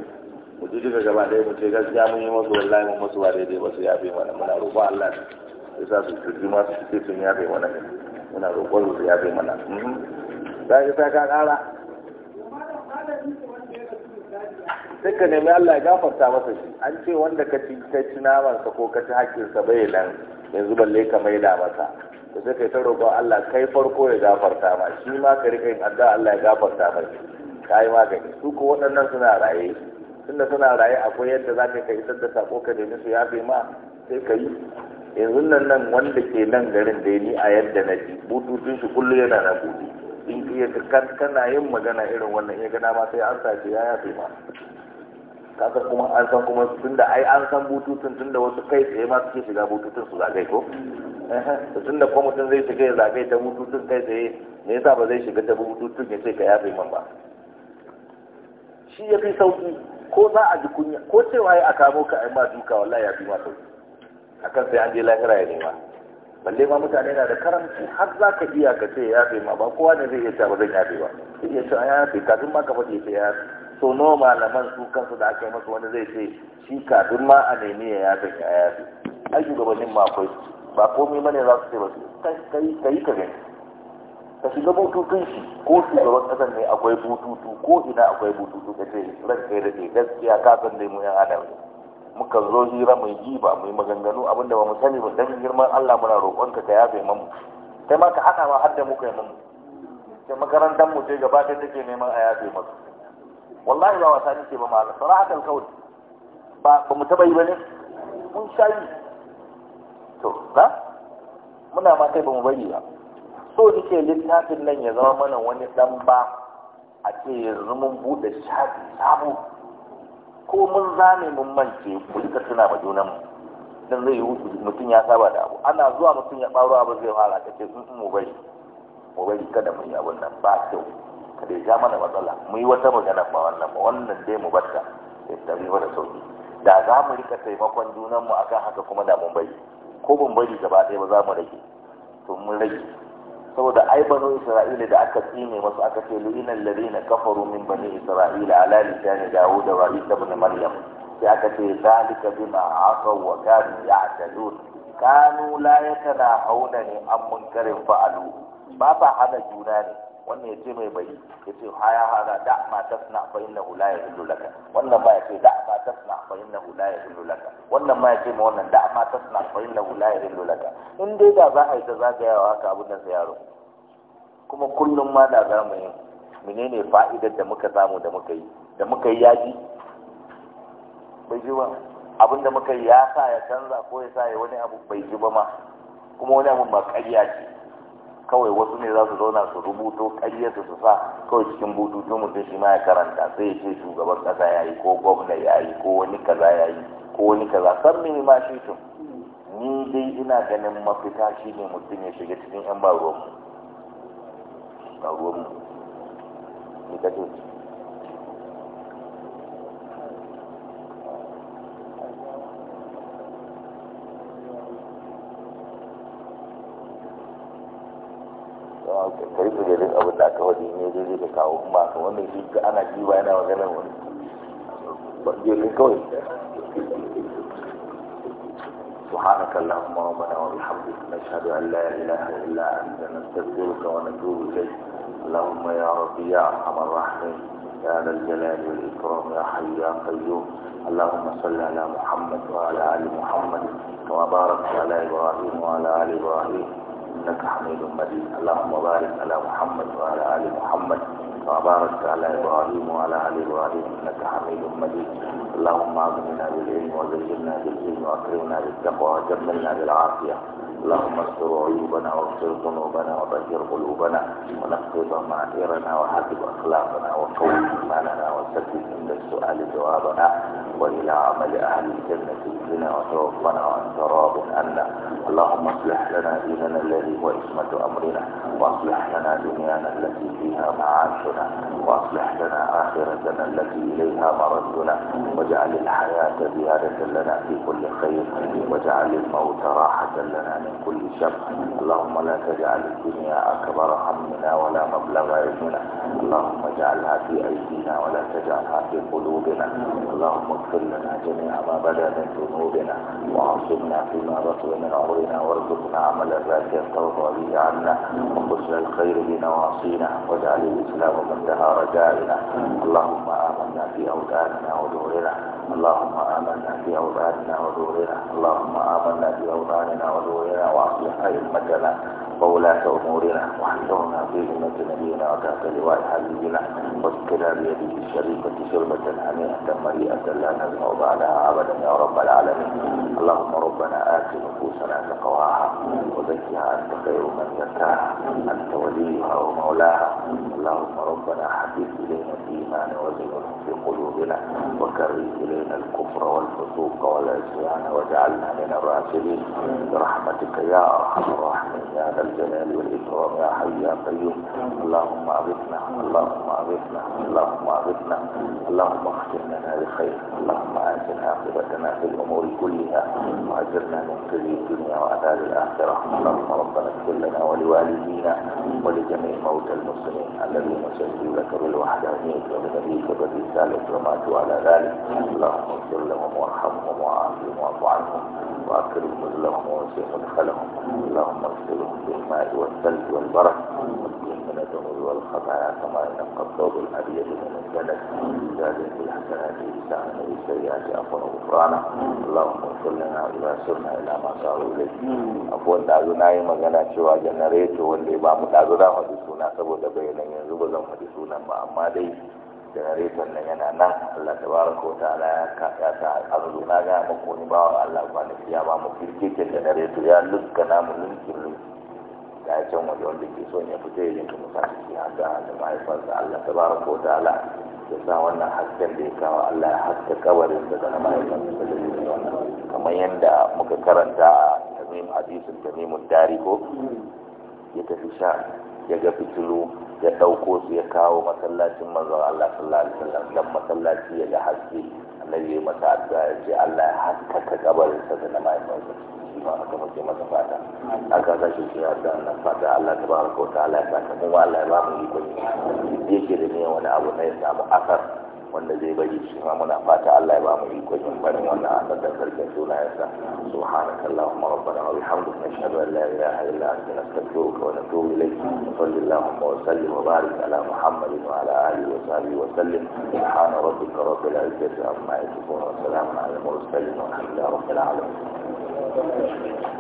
mu ji daga gaba daya mu ce gaskiya mun yi masu wallahi mun masu ba daidai ba su ya kai mana muna roƙo Allah ya sa su ji ma su ce sun ya kai mana muna roƙon ya bai mana za ka ta ka ƙara sai ka nemi Allah ya gafarta masa shi an ce wanda ka ci ta ci namansa ko ka ci hakkinsa bai nan yanzu balle ka maida masa to sai kai ta roƙo Allah kai farko ya gafarta ma shi ma ka rika yin addu'a Allah ya gafarta mai kai magani su ko waɗannan suna raye tunda suna raye akwai yadda za ka isar da sako ka nemi su yafe ma sai ka yi yanzu nan nan wanda ke nan garin da ni a yadda na ji bututun shi kullu yana na buɗe in iya kan kana yin magana irin wannan ya gana ma sai an sace ya ya ma kasa kuma an san kuma tunda ai an san bututun tunda wasu kai tsaye ma suke shiga bututun su zagai ko tunda kuma mutum zai shiga ya zagai ta bututun kai tsaye me yasa ba zai shiga ta bututun ya ce ka yafe man ba shi ya fi sauki ko za a ji kunya ko cewa ya a kamo ka ai ma duka wallahi ya fi ma sauki akan sai an je lahira ya nema balle ma mutane na da karanci har za ka iya ka ce ya ma ba kowa ne zai iya cewa ba zan yafe ba zai iya cewa ya yafe kafin ma ka faɗi ce ya yafe so nawa malaman su kansu da aka yi masa wani zai ce shi kafin ma a nemi ya yafe ya yafe ai shugabannin ma akwai ba komai ba ne za su ce ba su ka yi ka gani ka shiga bututun shi ko shugaban ƙasar ne akwai bututu ko ina akwai bututu ka ce ran kai da ke gaskiya ka san nemo mu yan adam ne muka zo hira mai jiba, mai maganganu abinda ba mu sani ba dan girman Allah muna roƙonka ka yafe mamu kai ma ka hada ma har da muka yi mamu sai makarantar mu ce gaba ta take neman a yafe maka wallahi ba wasa nake ba malam sara'atul qawl ba ba mu taba yi bane mun shayi to na muna ma kai ba mu bari ba so nake littafin nan ya zama mana wani dan ba a ce yanzu mun bude shafi sabo ko mun zane mun mance ku rika tuna ma junan mu dan zai yi mutum ya saba da abu ana zuwa mutum ya baro abu zai fara ka ce sun mm, mm, mu bari mu bari kada mu yi abun nan ba kyau kada ya ja mana matsala mu yi wata magana ba wannan ba wannan dai mu barta ya tabi mana sauki da za mu rika taimakon junan mu akan haka kuma da mun bari ko mun bari gaba ɗaya ba za mu rage to mun rage saboda ai banu isra'ila da aka tsine masu aka ce lu'ina alladhina kafaru min bani isra'ila ala lisani dawud wa isa ibn maryam sai aka ce zalika bima asaw wa kanu ya'tadun kanu la yatanahawna an munkarin fa'alu ba sa hada juna ne wannan ya ce mai bari ya ce haya hada da ma tasna fa innahu la yahillu laka wannan ba ya ce da ma tasna fa innahu la yahillu laka wannan ma ya ce ma wannan da ma tasna fa innahu la yahillu laka in dai da za a yi ta zagayawa haka abin nan sai yaro kuma kullum ma da za mu yi menene fa'idar da muka samu da muka yi da muka yi yaji bai ji ba abin da muka yi ya sa ya canza ko ya sa ya wani abu bai ji ba ma kuma wani abu ba ƙarya ce kawai wasu ne za su zauna su rubuto ƙaryarsu su sa kawai cikin bututun mutum shi ma ya karanta sai ya ce shugaban ƙasa ya yi ko gwamna ya yi ko wani kaza ya yi ko wani kaza san ma shi tun ni dai ina ganin mafita shi ne mutum ya shiga cikin 'yan ba ruwanmu bisa ga duk abin da aka wadi ne daidai da kawo in ba ka wannan shi ka ana jiba yana maganar wani jirgin kawai سبحانك اللهم ربنا وبحمدك نشهد ان لا اله الا انت نستغفرك ونتوب اليك اللهم يا ربي يا ارحم الراحمين يا ذا الجلال والاكرام يا حي يا قيوم اللهم صل على محمد وعلى ال محمد وبارك على ابراهيم وعلى ال ابراهيم إنك حميد مجيد اللهم بارك على محمد وعلى آل محمد وبارك على إبراهيم وعلى آل إبراهيم إنك حميد مجيد اللهم أغننا بالعلم وزينا بالعلم وأكرمنا بالتقوى وجملنا بالعافية اللهم استر عيوبنا واغفر ذنوبنا وبشر قلوبنا ونقض ضمائرنا وحسب اخلاقنا وقوي ايماننا وسدد عند السؤال جوابنا والى عمل اهل الجنه بنا وتوفنا وانت راض عنا اللهم اصلح لنا ديننا الذي هو عصمه امرنا واصلح لنا دنيانا التي فيها معاشنا واصلح لنا اخرتنا التي اليها مردنا واجعل الحياه زياده لنا في كل خير واجعل الموت راحه رحمة لنا من كل شر اللهم لا تجعل الدنيا أكبر همنا ولا مبلغ علمنا اللهم اجعلها في أيدينا ولا تجعلها في قلوبنا اللهم اغفر لنا جميع ما بدا من ذنوبنا وعصمنا فيما بطل من عمرنا وارزقنا عملا ذاتيا ترضى به عنا وخزنا الخير بنواصينا واجعل الإسلام منتهى رجائنا اللهم آمنا في اوداننا ودورنا اللهم آمنا في اوداننا ودورنا اللهم آمنا في اوداننا أئمتنا ولولينا وأصلح أئمتنا وولاة أمورنا واحفظنا في ذمة نبينا وتحت لواء حبيبنا واسقنا بيده الشريفة شربة هنيئة مريئة لا نزمع بعدها أبدا يا رب العالمين اللهم ربنا آت نفوسنا تقواها وزكها أنت خير من زكاها أنت وليها ومولاها اللهم ربنا حبب إلينا الإيمان وزينه قلوبنا وكره إلينا الكفر والفسوق والعصيان واجعلنا من الراشدين برحمتك يا أرحم الراحمين يا ذا الجلال والإكرام يا حي يا قيوم اللهم أغثنا اللهم أغثنا اللهم أغثنا اللهم اختم لنا بخير اللهم آتنا عاقبتنا في الأمور كلها وأجرنا من كل الدنيا وعذاب الآخرة اللهم ربنا اغفر لنا ولوالدينا ولجميع موتى المسلمين الذين سجدوا لك بالوحدانية وبنبيك بالرسالة ذلك وماتوا على ذلك اللهم اغفر لهم وارحمهم وعافهم واعف عنهم واكرم نزلهم ووسع مدخلهم اللهم اغسلهم بالماء والثلج والبرد واكرم من الذنوب والخطايا كما ينقى الثوب الابيض من الدنس زادهم بالحسنات لسانا وبالسيئات عفوا وغفرانا اللهم اغفر لنا اذا سرنا الى ما صاروا اليه عفوا دعوا نايم magana cewa janareto wanda ya ba mu ɗazu za mu suna saboda bayanan yanzu ba zan faɗi sunan ba amma dai janareton nan yana nan Allah ta wa ta'ala ya ta azu na ga muku wani bawa Allah kwanaki ya ba mu dare to ya na namu linkin linkin da ya can waje wanda ke son ya fita ya ka musa ciki ga da da mahaifarsa Allah ta wa ta'ala ya sa wannan hasken da ya kawo Allah ya haska kabarin daga na da kamar yadda muka karanta a tamim hadisin tamimun dariko ko ya tafi sha ya ga fitilu ya dauko su ya kawo masallacin manzon Allah sallallahu alaihi wasallam dan masallaci ya ga haske annabi ya masa addu'a ya ce Allah ya ka kabarin sa da mai mahaifinsa shi ma aka mace masa fata aka ga shi ya da na fata Allah tabaraka wa ta'ala ya saka mu Allah ya ba mu iko yake da ne wani abu na ya samu asar wanda zai bari shi ma muna fata Allah ya ba mu iko yin barin wannan asadan sarkin sunayensa subhanakallahu wa rabbana wa bihamdika ashhadu an la ilaha illa anta astaghfiruka wa atubu ilayk sallallahu allahumma wa sallim wa barik ala muhammadin wa ala alihi wa sahbihi wa sallim subhana rabbika rabbil izzati amma yasifun wa salamun ala al mursalin wa alhamdulillahi rabbil alamin